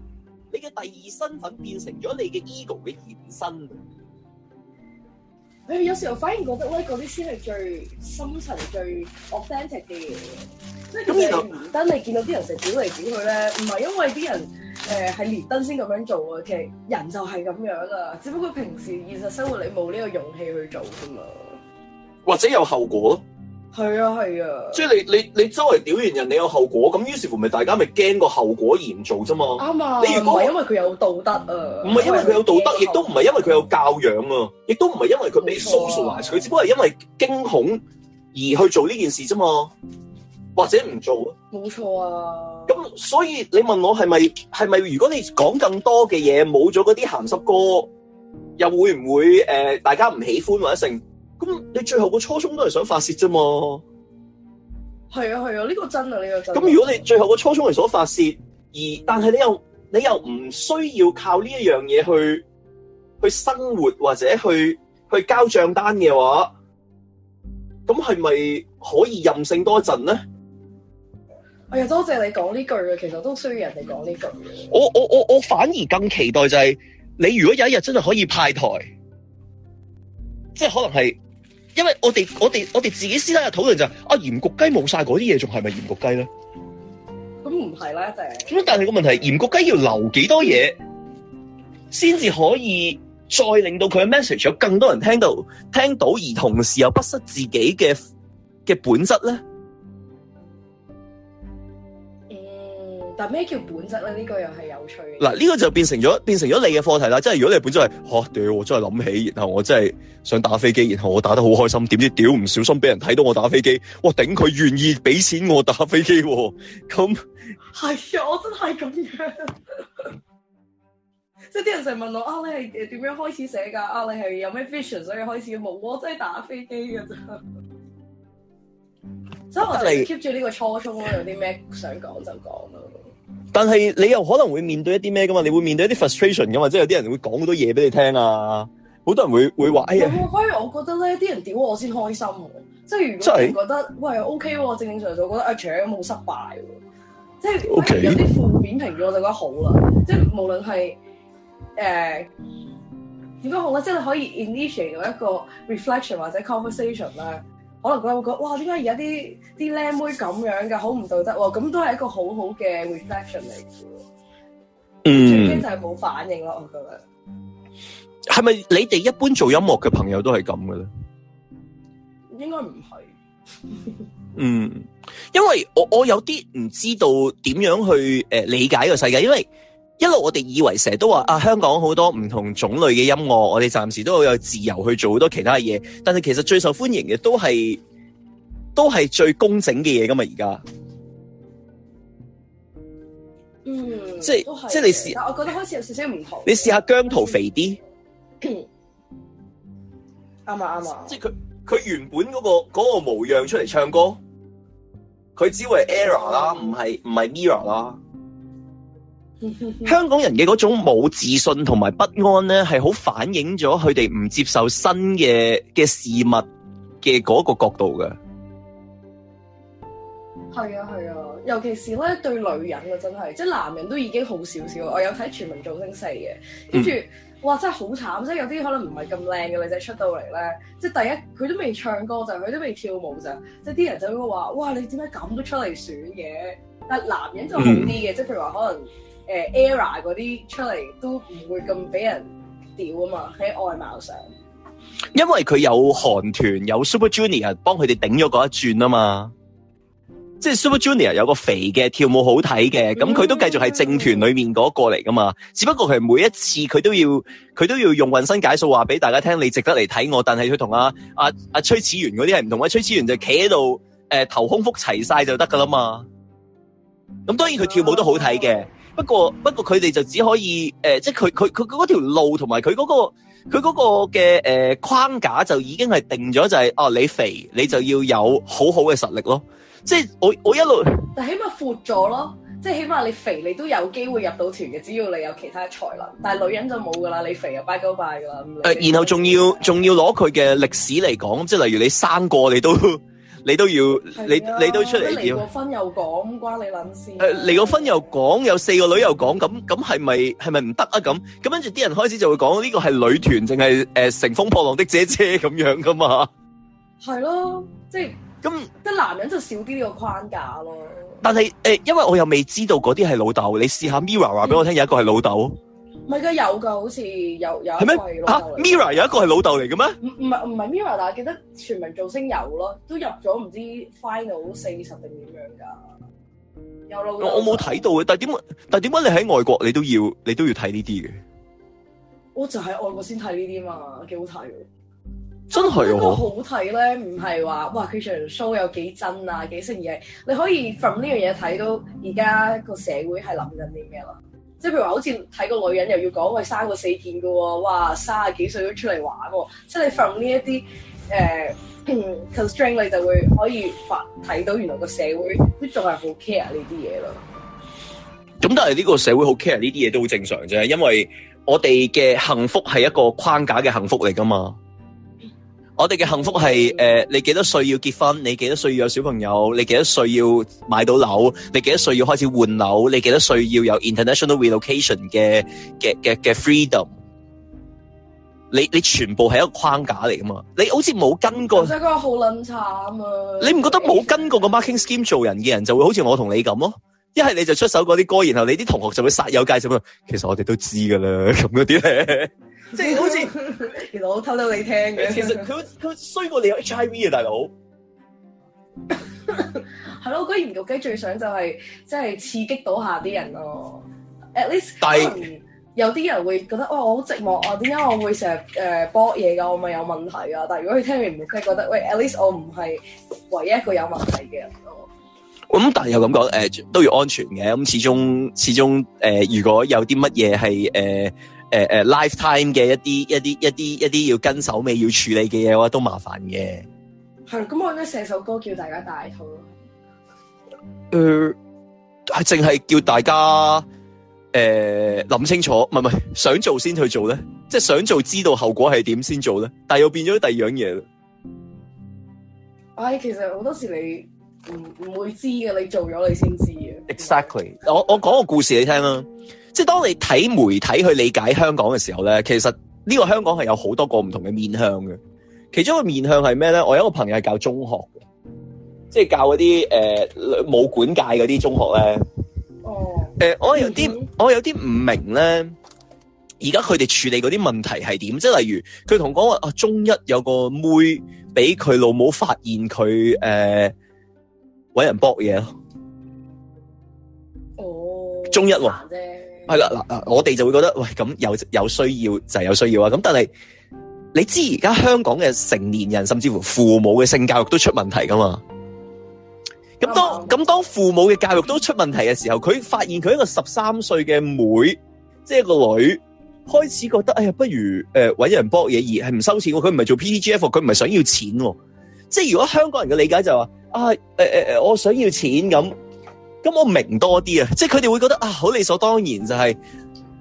你嘅第二身份變成咗你嘅 ego 嘅延伸。.你有時候反而覺得喂，嗰啲先係最深層最 authentic 嘅嘢，即係你唔單你見到啲人成表嚟表去咧，唔係因為啲人誒係連登先咁樣做啊，其實人就係咁樣啊，只不過平時現實生活你冇呢個勇氣去做啫嘛，或者有後果。係啊，係啊！即係你，你，你周圍屌完人，你有後果咁，於是乎咪大家咪驚個後果嚴重啫嘛？啱啊！你如果，唔係因為佢有道德啊？唔係因為佢有道德，亦都唔係因為佢有教養啊，亦都唔係因為佢被 socialize，佢只不過係因為驚恐而去做呢件事啫嘛，或者唔做啊？冇錯啊！咁所以你問我係咪係咪？如果你講更多嘅嘢，冇咗嗰啲鹹濕歌，又會唔會誒大家唔喜歡或者成？你最後個初衷都係想發泄啫嘛，係啊係啊，呢個真啊呢個真。咁如果你最後個初衷係想發泄，而但係你又你又唔需要靠呢一樣嘢去去生活或者去去交賬單嘅話，咁係咪可以任性多一陣咧？哎呀，多謝你講呢句啊，其實都需要人哋講呢句。我我我我反而更期待就係你如果有一日真係可以派台，即係可能係。因為我哋我哋我哋自己私底下的討論就係、是，啊鹽焗雞冇晒嗰啲嘢，仲係咪鹽焗雞咧？咁唔係啦，就係。咁但係個問題，鹽焗雞要留幾多嘢，先至可以再令到佢嘅 message 有更多人聽到聽到，而同時又不失自己嘅嘅本質咧？但咩叫本質咧？呢、呢個又係有趣嘅。嗱、啊，呢、呢個就變成咗變成咗你嘅課題啦。即係如果你本質係，嚇、啊、屌我真係諗起，然後我真係想打飛機，然後我打得好開心。點知屌唔小心俾人睇到我打飛機，哇！頂佢願意俾錢我打飛機喎、啊。咁係啊，我真係咁樣。 [laughs] 即係啲人成日問我啊，你係點樣開始寫㗎？啊，你係有咩 vision 所以開始？冇，我真係打飛機嘅啫。所以我哋嚟 keep 住呢個初衷咯，有啲咩想講就講咯。但係你又可能會面對一啲咩噶嘛？你會面對一啲 frustration 噶嘛？即係有啲人會講好多嘢俾你聽啊！好多人會會話誒，哎呀，反而我覺得咧，啲人屌我先開心喎。即係的如果真係覺得喂 OK 喎，我正正常常覺得誒扯咁冇失敗喎。即係 Okay? 有啲負面評語我就覺得好啦。即係無論係誒點講好咧，即係可以 initiate 到一個 reflection 或者 conversation 咧。可能佢會覺哇，點解而家啲啲僆妹咁樣嘅，好唔道德喎？咁都係一個好好嘅 reflection 嚟嘅。最驚就係冇反應咯，我覺得。係咪你哋一般做音樂嘅朋友都係咁嘅咧？應該唔係。嗯，因為我我有啲唔知道點樣去誒理解呢個世界，因為。一路我哋以為成日都話啊香港好多唔同種類嘅音樂，我哋暫時都會有自由去做好多其他嘢，但係其實最受歡迎嘅都係都係最工整嘅嘢噶嘛而家，嗯，即係即係你試，我覺得開始有少少唔同。你試下姜濤肥啲，啱啊啱啊！即係佢佢原本嗰個嗰個模樣出嚟唱歌，佢只會 error 啦，唔係唔係 mirror 啦。 [laughs] 香港人嘅嗰種冇自信同埋不安咧，係好反映咗佢哋唔接受新嘅嘅事物嘅嗰一個角度嘅。係啊係啊，尤其是咧對女人啊，真係，即係男人都已經好少少。我有睇全民造星四嘅，跟住、嗯、哇真係好慘，即係有啲可能唔係咁靚嘅女仔出到嚟咧，即係第一佢都未唱歌就，佢都未跳舞就，即係啲人就會話哇你點解咁都出嚟選嘅？但係男人就好啲嘅，即係、嗯、譬如話可能。誒、uh, era 嗰啲出嚟都唔會咁俾人屌啊嘛，喺外貌上，因為佢有韓團有 Super Junior 幫佢哋頂咗嗰一轉啊嘛，即係 Super Junior 有個肥嘅跳舞好睇嘅，咁佢、mm hmm. 都繼續係正團裏面嗰個嚟噶嘛，mm hmm. 只不過佢每一次佢都要佢都要用渾身解數話俾大家聽你值得嚟睇我，但係佢同阿阿阿崔始源嗰啲係唔同啊，崔始源，崔始源就企喺度頭胸腹齊晒就得噶啦嘛，咁當然佢跳舞都好睇嘅。Mm hmm. 不過不過佢哋就只可以誒、呃，即係佢佢佢嗰條路同埋佢嗰個佢嗰個嘅誒框架就已經係定咗、就是，就係啊你肥你就要有好好嘅實力咯，即係我我一路，但起碼闊咗咯，即係起碼你肥你都有機會入到團嘅，只要你有其他才能，但係女人就冇㗎啦，你肥又拜九拜㗎啦咁。誒、呃，然後仲要仲要攞佢嘅歷史嚟講，即係例如你生過你都。你都要，啊、你你都出嚟要。離過婚又講，你關你撚事。誒離個婚又講，有四個女又講，咁咁係咪係咪唔得啊？咁咁跟住啲人開始就會講呢個係女團，淨係誒乘風破浪的姐姐咁樣噶嘛？係咯，即係咁，即男人就少啲呢個框架咯。但係誒、欸，因為我又未知道嗰啲係老豆，你試下 Mirror 話俾我聽、嗯，有一個係老豆。唔係㗎，有㗎，好似有有一個係係啊 Mirror 有一個係老豆嚟嘅咩？唔唔唔係 Mirror 但係記得全民造星有咯，都入咗唔知 final 四十定點樣㗎？有老我我冇睇到嘅，但係點？但係點解你喺外國你都要你都要睇呢啲嘅？我就喺外國先睇呢啲嘛，幾好睇喎！真係、哦、啊，好睇咧，唔係話哇佢場 show 有幾真啊幾誠嘅，你可以 from 呢樣嘢睇到而家個社會係諗緊啲咩啦。即係譬如話，好似睇個女人又要講佢生過四件嘅喎，哇，卅幾歲都出嚟玩喎，即係 from 呢一啲誒 constraint，你就會可以發睇到原來個社會都仲係好 care 呢啲嘢咯。咁但係呢個社會好 care 呢啲嘢都好正常啫，因為我哋嘅幸福係一個框架嘅幸福嚟㗎嘛。我哋嘅幸福係，誒、呃，你幾多歲要結婚？你幾多歲要有小朋友？你幾多歲要買到樓？你幾多歲要開始換樓？你幾多歲要有 international relocation 嘅嘅嘅嘅 freedom？你你全部係一個框架嚟噶嘛？你好似冇跟過，即係嗰個好撚慘啊！你唔覺得冇跟過個 marking scheme 做人嘅人，就會好似我同你咁咯？一係你就出手嗰啲歌，然後你啲同學就會殺有介紹，其實我哋都知噶啦，咁嗰啲咧。 [laughs] 即係好似， [laughs] 原來我偷偷哋聽嘅。其實佢佢衰過你有 H I V 啊，大佬。係咯， [laughs] [laughs] 我覺得鹽焗雞最想就係、是，即、就、係、是、刺激到下啲人咯。At least 可能有啲人會覺得，是哇，我好寂寞啊，點解我會成日誒播嘢噶？我咪有問題啊！但係如果佢聽完唔識，覺得喂，At least 我唔係唯一一個有問題嘅人咯。咁、嗯、但係又咁講，誒、呃、都要安全嘅。咁、嗯、始終始終，誒、呃、如果有啲乜嘢係誒。呃誒誒、uh, uh,，lifetime 嘅一啲一啲一啲一啲要跟手尾要處理嘅嘢，話都麻煩嘅。係咁我咧寫首歌叫大家大肚，咯。誒，係淨係叫大家誒諗、uh, 清楚，唔係唔係想做先去做咧，即、就、係、是、想做知道後果係點先做咧，但係又變咗第二樣嘢。唉、哎，其實好多時你唔唔會知嘅，你做咗你先知嘅。Exactly，的我我講個故事你聽啦。即係當你睇媒體去理解香港嘅時候咧，其實呢個香港係有好多個唔同嘅面向嘅。其中一個面向係咩咧？我有一個朋友係教中學嘅，即係教嗰啲誒冇管界嗰啲中學咧。哦、嗯。誒、呃，我有啲、嗯、我有啲唔明咧，而家佢哋處理嗰啲問題係點？即係例如佢同我講話啊，中一有個妹俾佢老母發現佢誒搵人博嘢咯。哦。中一喎。啊係啦，嗱，我哋就會覺得喂，咁有有需要就係有需要啊！咁但係你知而家香港嘅成年人，甚至乎父母嘅性教育都出問題㗎嘛？咁當咁當父母嘅教育都出問題嘅時候，佢發現佢一個十三歲嘅妹，即係個女，開始覺得哎呀，不如誒搵人搏嘢，而係唔收錢。佢唔係做 PTGF，佢唔係想要錢。即係如果香港人嘅理解就話，啊，誒誒誒，我想要錢咁。咁我明多啲啊，即係佢哋會覺得啊，好理所當然就係、是，係、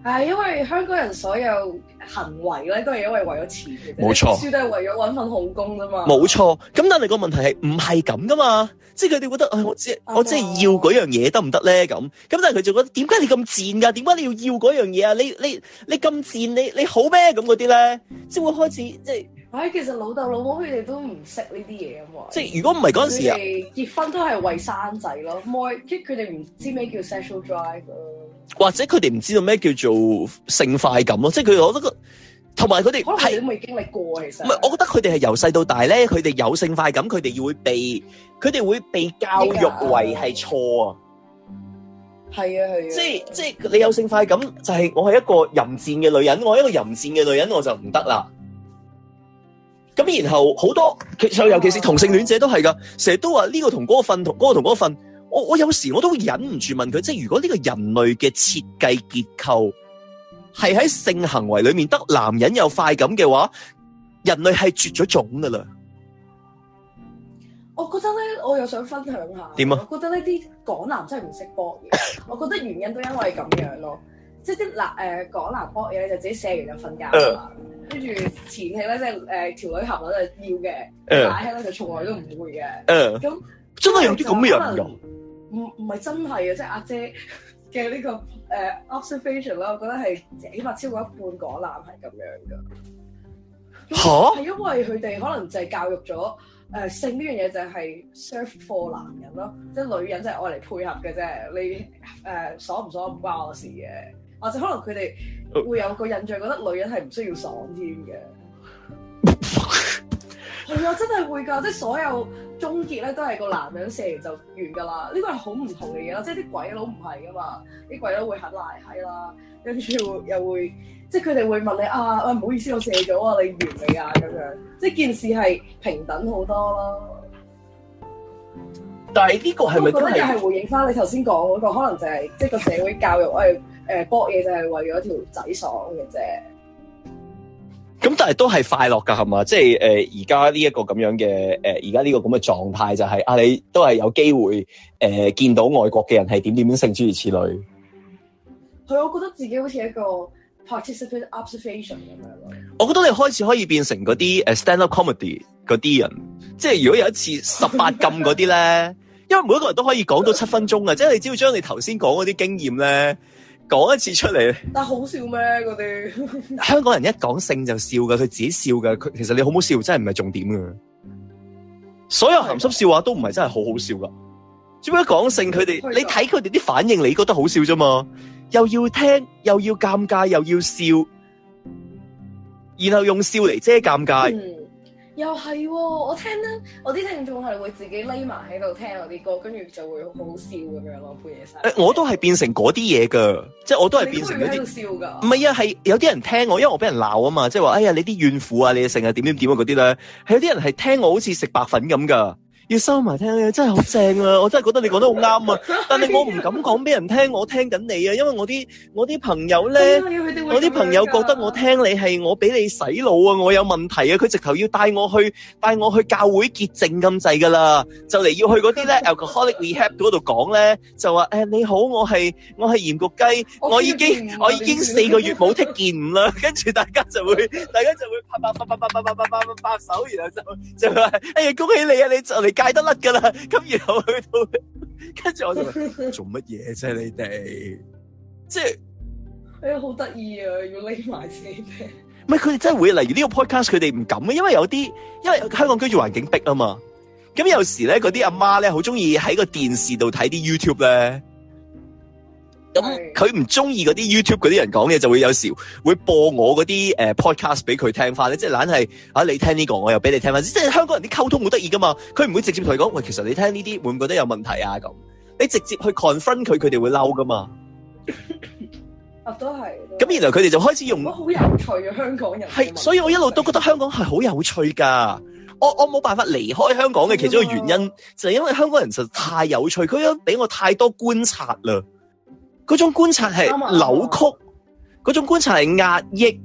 啊、因為香港人所有行為咧，都係因為為咗錢嘅，冇錯，都係為咗揾份好工啫嘛，冇錯。咁但係個問題係唔係咁噶嘛，即係佢哋覺得啊，我即係我即係、啊、要嗰樣嘢得唔得咧？咁咁但係佢就覺得，點解你咁賤噶？點解你要要嗰樣嘢啊？你你你咁賤，你你,賤你,你好咩？咁嗰啲咧，即係會開始即係。唉，其實老豆老母佢哋都唔識呢啲嘢啊嘛！即係如果唔係嗰陣時結婚都係為生仔咯。即佢哋唔知咩叫 sexual drive，啊，或者佢哋唔知道咩叫做性快感咯。即係佢，我都覺，同埋佢哋可能佢都未經歷過。其實唔係，我覺得佢哋係由細到大咧，佢哋有性快感，佢哋要會被佢哋會被教育為係錯啊。係啊，係啊。啊即係即係，你有性快感就係我係一個淫賤嘅女人，我係一個淫賤嘅女人，我就唔得啦。咁然後好多，其實尤其是同性戀者都係噶，成日都話呢個同嗰個瞓，同嗰個同嗰個瞓。我我有時我都忍唔住問佢，即係如果呢個人類嘅設計結構係喺性行為裏面得男人有快感嘅話，人類係絕咗種噶啦。我覺得咧，我又想分享下。點啊？我覺得呢啲港男真係唔識搏嘅， [laughs] 我覺得原因都因為咁樣咯。即係啲男誒港男波嘢就自己寫完就瞓覺跟住、uh, 前戲咧 [laughs] 即係誒、呃、條女配合就要嘅，但戲咧就從來都唔會嘅。咁、uh, 那真係有啲咁嘅人？唔唔係真係啊，即係阿姐嘅呢、這個誒、呃、observation 啦，我覺得係起碼超過一半港男係咁樣㗎。嚇！係因為佢哋可能就係教育咗誒、呃、性呢樣嘢就係 serve for 男人咯，即係女人即係愛嚟配合嘅啫。你誒爽唔爽唔關我事嘅。或者可能佢哋會有個印象，覺得女人係唔需要爽添嘅。係啊，真係會㗎！即係所有終結咧，都係個男人射完就完㗎啦。呢個係好唔同嘅嘢咯。即係啲鬼佬唔係㗎嘛，啲鬼佬會很賴係啦，跟住又會即係佢哋會問你啊，喂、哎，唔好意思，我射咗啊，你完未啊？咁樣即係件事係平等好多咯。但係呢個係咪？我覺得又係回應返你頭先講嗰個，可能就係、是、即係個社會教育誒。誒搏嘢就係為咗條仔爽嘅啫。咁但係都係快樂㗎，係嘛？即係誒而家呢一個咁樣嘅誒，而家呢個咁嘅狀態就係、是、啊，你都係有機會誒、呃、見到外國嘅人係點點樣性諸如此類。係、嗯，我覺得自己好似一個 participant observation 咁樣咯。我覺得你開始可以變成嗰啲誒 stand up comedy 嗰啲人，即係如果有一次十八禁嗰啲咧， [laughs] 因為每一個人都可以講到七分鐘啊， [laughs] 即係你只要將你頭先講嗰啲經驗咧。講一次出嚟，但好笑咩？嗰 [laughs] 啲香港人一講性就笑噶佢自己笑噶佢其實你好唔好笑真係唔係重點噶所有鹹濕笑話都唔係真係好好笑噶只不過講性，佢哋的你睇佢哋啲反應，你覺得好笑啫嘛。又要聽，又要尷尬，又要笑，然後用笑嚟遮尷尬。嗯又係喎、哦，我聽咧，我啲聽眾係會自己匿埋喺度聽我啲歌，跟住就會好好笑咁樣咯，半夜晒，誒，我都係變成嗰啲嘢㗎，即係我都係變成嗰啲笑㗎。唔係啊，係有啲人聽我，因為我俾人鬧啊嘛，即係話，哎呀，你啲怨婦啊，你成日點點點啊嗰啲咧，係、啊、有啲人係聽我好似食白粉咁㗎。要收埋聽嘅，真係好正啊！我真係覺得你講得好啱啊，但係我唔敢講俾人聽，我聽緊你啊，因為我啲我啲朋友咧，我啲朋友覺得我聽你係我俾你洗腦啊，我有問題啊，佢直頭要帶我去帶我去教會潔淨咁滯噶啦，就嚟要去嗰啲咧，alcoholic rehab 嗰度講咧，就話誒你好，我係我係鹽焗雞，我已經我已經四個月冇踢毽啦，跟住大家就會大家就會拍拍拍拍拍拍拍拍手，然後就就話哎呀恭喜你啊，你就嚟。戒得甩噶啦，咁然後去到，跟住我就做乜嘢啫？你哋即係，哎呀好得意啊！要拎埋先唔係，佢哋真係會，例如呢個 podcast 佢哋唔敢嘅，因為有啲因為香港居住環境逼啊嘛，咁有時咧嗰啲阿媽咧好中意喺個電視度睇啲 YouTube 咧。咁佢唔中、嗯、意嗰啲 YouTube 嗰啲人講嘢，就會有時會播我嗰啲、呃、podcast 俾佢聽翻咧，即係懶係啊你聽呢、呢個，我又俾你聽翻。即係香港人啲溝通好得意噶嘛，佢唔會直接同佢講，喂，其實你聽呢啲會唔會覺得有問題啊？咁你直接去 confront 佢，佢哋會嬲噶嘛。啊，都係。咁原來佢哋就開始用。好有趣嘅香港人係，所以我一路都覺得香港係好有趣噶。我我冇辦法離開香港嘅其中一個原因，啊、就係因為香港人實在太有趣，佢有俾我太多觀察啦。嗰種觀察係扭曲，嗰、嗯嗯、種觀察係壓抑，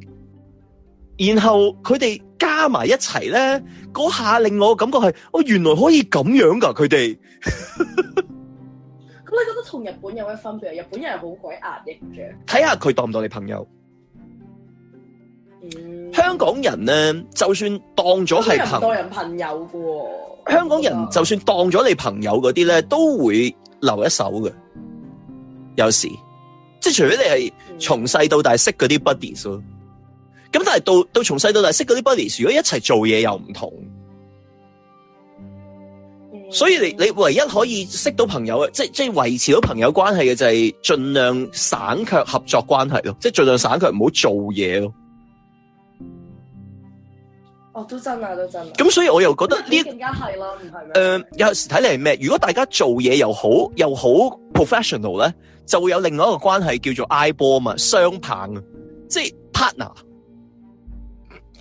然後佢哋加埋一齊咧，嗰下令我感覺係，哦，原來可以咁樣噶，佢哋。咁你覺得同日本有咩分別啊？日本人係好鬼壓抑嘅。睇下佢當唔當你朋友？嗯、香港人咧，就算當咗係朋友，唔、嗯、當人朋友喎、哦，香港人就算當咗你朋友嗰啲咧，嗯、都會留一手嘅。有時即係除非你係從細到大識嗰啲 buddies 咯、嗯，咁但係到到從細到大識嗰啲 buddies 如果一齊做嘢又唔同，嗯、所以你你唯一可以識到朋友、嗯、即係即係維持到朋友關係嘅就係盡量省卻合作關係咯，即係盡量省卻唔好做嘢咯。哦，都真啊，都真啊。咁所以我又覺得啲更加係咯，唔係誒，有時睇你係咩？如果大家做嘢又好，嗯、又好 professional 咧？就會有另外一個關係叫做 I 波啊嘛，雙棒啊，即係 partner。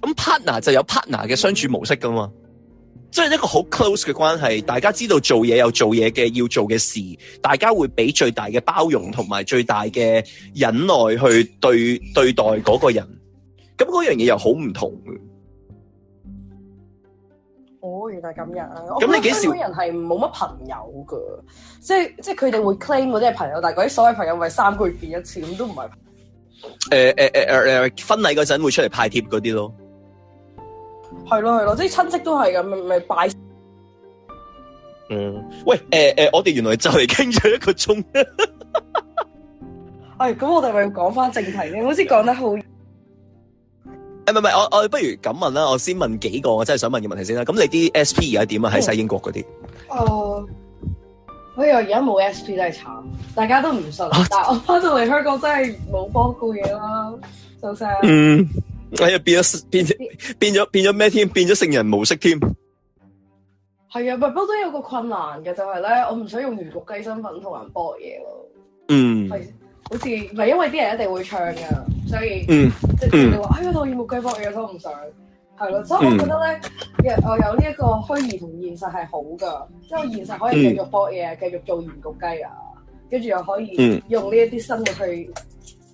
咁 partner 就有 partner 嘅相處模式噶嘛，即係一個好 close 嘅關係。大家知道做嘢有做嘢嘅要做嘅事，大家會俾最大嘅包容同埋最大嘅忍耐去對對待嗰個人。咁嗰樣嘢又好唔同。就係咁咁你幾時我覺得香港人係冇乜朋友噶，即係即係佢哋會 claim 嗰啲係朋友，但係嗰啲所謂朋友，咪三個月見一次，咁都唔係。誒誒誒誒誒，婚禮嗰陣會出嚟派貼嗰啲咯。係咯係咯，咁親戚都係咁咪咪拜。嗯，喂誒誒、呃呃，我哋原來就嚟傾咗一個鐘。係 [laughs] 、哎，咁我哋咪要講翻正題咧，好似講得好。唔咪唔我我不如咁問啦。我先問幾個我真係想問嘅問題先啦。咁你啲 SP 而家點啊？喺西英國嗰啲、嗯呃？我以為，而家冇 SP 真係慘，大家都唔信。啊、但係我翻到嚟香港真係冇波個嘢啦，收聲。嗯，哎呀，變咗變變咗變咗咩添？變咗聖人模式添。係啊，不過都有個困難嘅，就係咧，我唔想用鹽焗雞身份同人波嘢喎。嗯。好似唔係因為啲人一定會唱噶，所以即係你話，哎呀，我要鹽焗雞播嘢都唔想，係咯，所以我覺得咧，嗯、我有呢一個虛擬同現實係好噶，即係我現實可以繼續播嘢，嗯、繼續做鹽焗雞啊，跟住又可以用呢一啲新嘅去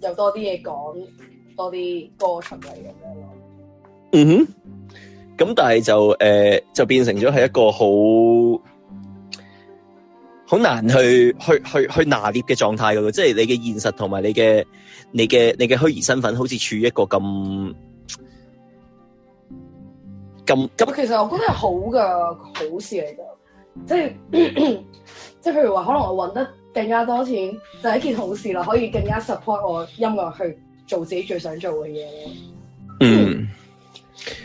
有多啲嘢講，多啲歌出嚟咁樣咯。嗯哼，咁但係就誒、呃，就變成咗係一個好好難去去去去拿捏嘅狀態噶，即係你嘅現實同埋你嘅你嘅你嘅虛擬身份，好似處於一個咁咁咁。其實我覺得係好噶好事嚟噶，即係 [coughs] 即係譬如話，可能我搵得更加多錢就係一件好事啦，可以更加 support 我音樂去做自己最想做嘅嘢。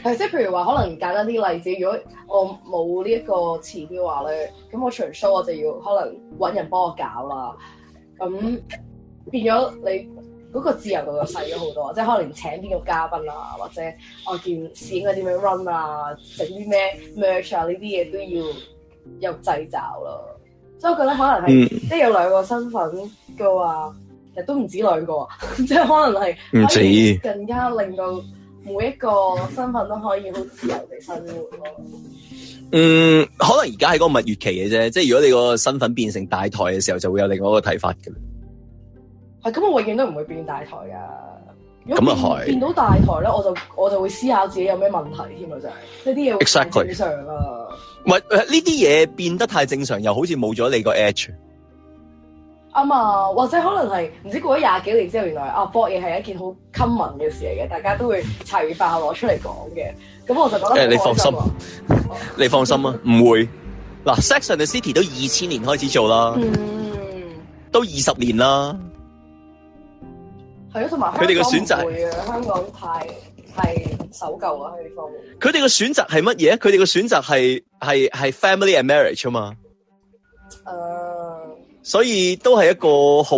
係即係，譬如話可能簡單啲例子，如果我冇呢一個錢嘅話咧，咁我除 show 我就要可能搵人幫我搞啦。咁變咗你嗰個自由度就細咗好多， [laughs] 即係可能請邊個嘉賓啊，或者我見攝影佢點樣 run 啊，整啲咩 merch 啊呢啲嘢，都要有掣肘咯。所以我覺得可能係即係有兩個身份嘅話，其實、嗯、都唔止兩個， [laughs] 即係可能係更加令到。每一個身份都可以好自由地生活咯、啊。嗯，可能而家係嗰個蜜月期嘅啫，即係如果你個身份變成大台嘅時候，就會有另外一個睇法嘅。係咁，我永遠都唔會變大台㗎。咁啊，係變到大台咧，我就我就會思考自己有咩問題添、就係、啊，就係即係啲嘢會太正常啦。唔係呢啲嘢變得太正常，又好似冇咗你個 edge。啊嘛，或者可能係唔知過咗廿幾年之後，原來啊博嘢係一件好 common 嘅事嚟嘅，大家都會齊爆攞出嚟講嘅。咁我就覺得你放心，啊、你放心啊，唔 [laughs] 會嗱。Sex and [laughs] the City 都二千年開始做啦，嗯，都二十年啦。係啊，同埋佢哋嘅選擇會，香港太係守舊啊，喺呢方面，佢哋嘅選擇係乜嘢？佢哋嘅選擇係係係 family and marriage 啊嘛。誒。Uh, 所以都係一個好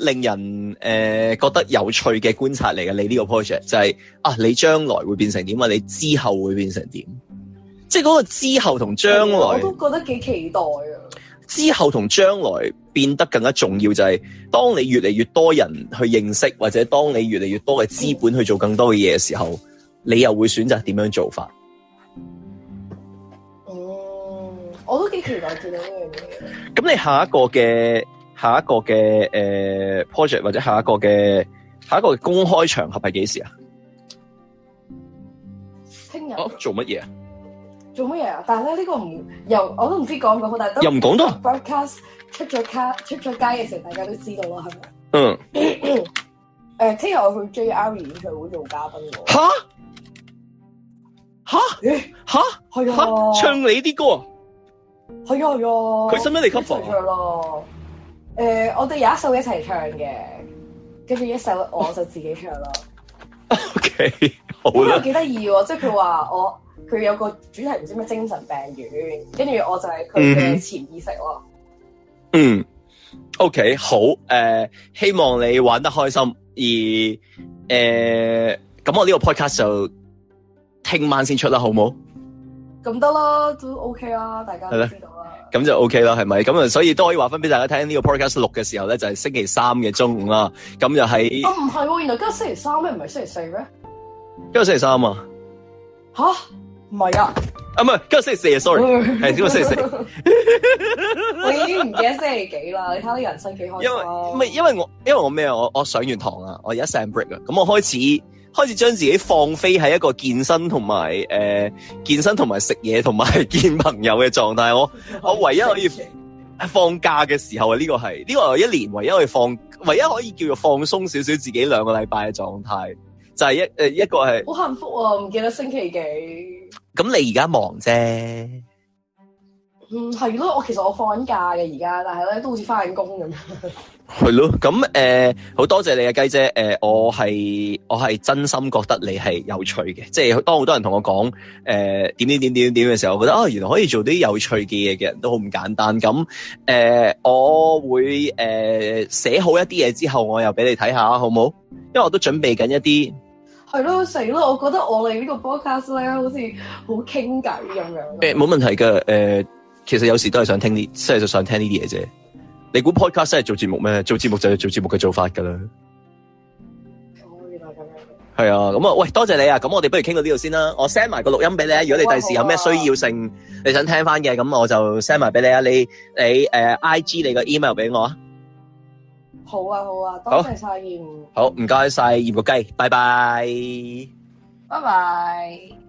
令人誒、呃、覺得有趣嘅觀察嚟嘅。你呢個 project 就係、是、啊，你將來會變成點啊？你之後會變成點？即係嗰個之後同將來，我都覺得幾期待啊。之後同將來變得更加重要，就是，就係當你越嚟越多人去認識，或者當你越嚟越多嘅資本去做更多嘅嘢嘅時候，你又會選擇點樣做法？我都幾期待見到呢樣嘢。咁你下一個嘅下一個嘅誒、呃、project 或者下一個嘅下一個公開場合係幾時啊？聽日天、哦。做乜嘢？做乜嘢啊？但係咧呢個唔又我都唔知講唔講好，但係又唔講多。Broadcast 出咗卡出咗街嘅時候，大家都知道啦，係咪？嗯。誒，聽 [coughs] 日、呃、我去 JR 演唱會做嘉賓喎。嚇！嚇！嚇！嚇！唱你啲歌啊？係啊，係啊，佢使咗四級房，唱咯。誒、呃，我哋有一首一齊唱嘅，跟住一首我就自己唱啦。 [laughs] OK，好啦了。咁又幾得意喎，即係佢話我，佢有個主題唔知咩精神病院，跟住我就係佢嘅潛意識咯。嗯、mm hmm. mm hmm.，OK，好。誒、呃，希望你玩得開心。而誒，咁、呃、我呢個 podcast 就聽晚先出啦，好唔好？咁得啦，都 OK 啦，大家知道啦。咁就 OK 啦，係咪？咁啊，所以都可以話返俾大家聽呢、這個 podcast 錄嘅時候咧，就係、是、星期三嘅中午啦。咁就哦、是，唔係、啊啊，原來今日星期三咩？唔係星期四咩？今日星期三啊！吓，唔係啊？啊，唔係，今日星期四啊，sorry，係今日星期四。我已經唔記得星期幾啦，你睇下人生幾開心啦。唔係，因為我因為我咩啊？我我上完堂啊，我而家有一陣 break 啊，咁我開始。開始將自己放飛喺一個健身同埋誒健身同埋食嘢同埋見朋友嘅狀態，我我唯一可以放假嘅時候啊，呢個係呢個係一年唯一可以放，唯一可以叫做放鬆少少自己兩個禮拜嘅狀態，就係一誒一個係好幸福啊！唔記得星期幾？咁你而家忙啫？嗯，係咯，我其實我放假嘅而家，但係咧都好似翻緊工咁。 [laughs] 係咯，咁誒，好多、呃、謝你啊，雞姐誒、呃，我係我係真心覺得你係有趣嘅。即係當好多人同我講誒、呃、點點點點點嘅時候，我覺得啊、哦，原來可以做啲有趣嘅嘢嘅人都好唔簡單。咁誒、呃，我會誒寫、呃、好一啲嘢之後，我又俾你睇下，好唔好？因為我都準備緊一啲。係咯，死咯，我覺得我哋呢個 podcast 咧，好似好傾偈咁樣。誒、呃，冇問題嘅，誒、呃，其實有時都係想聽啲，即係就想聽呢啲嘢啫。你估 podcast 真係做節目咩？做節目就係做節目嘅做法噶啦。哦，原來咁樣。係啊，咁啊，喂，多謝你啊，咁我哋不如傾到呢度先啦。我 send 埋個錄音俾你，啊。如果你第時有咩需要性，啊、你想聽翻嘅，咁我就 send 埋俾你啊。你你誒、呃、I G 你個 email 俾我啊。好啊，好啊，多謝晒鹽。好，唔該晒鹽焗雞，拜拜。拜拜。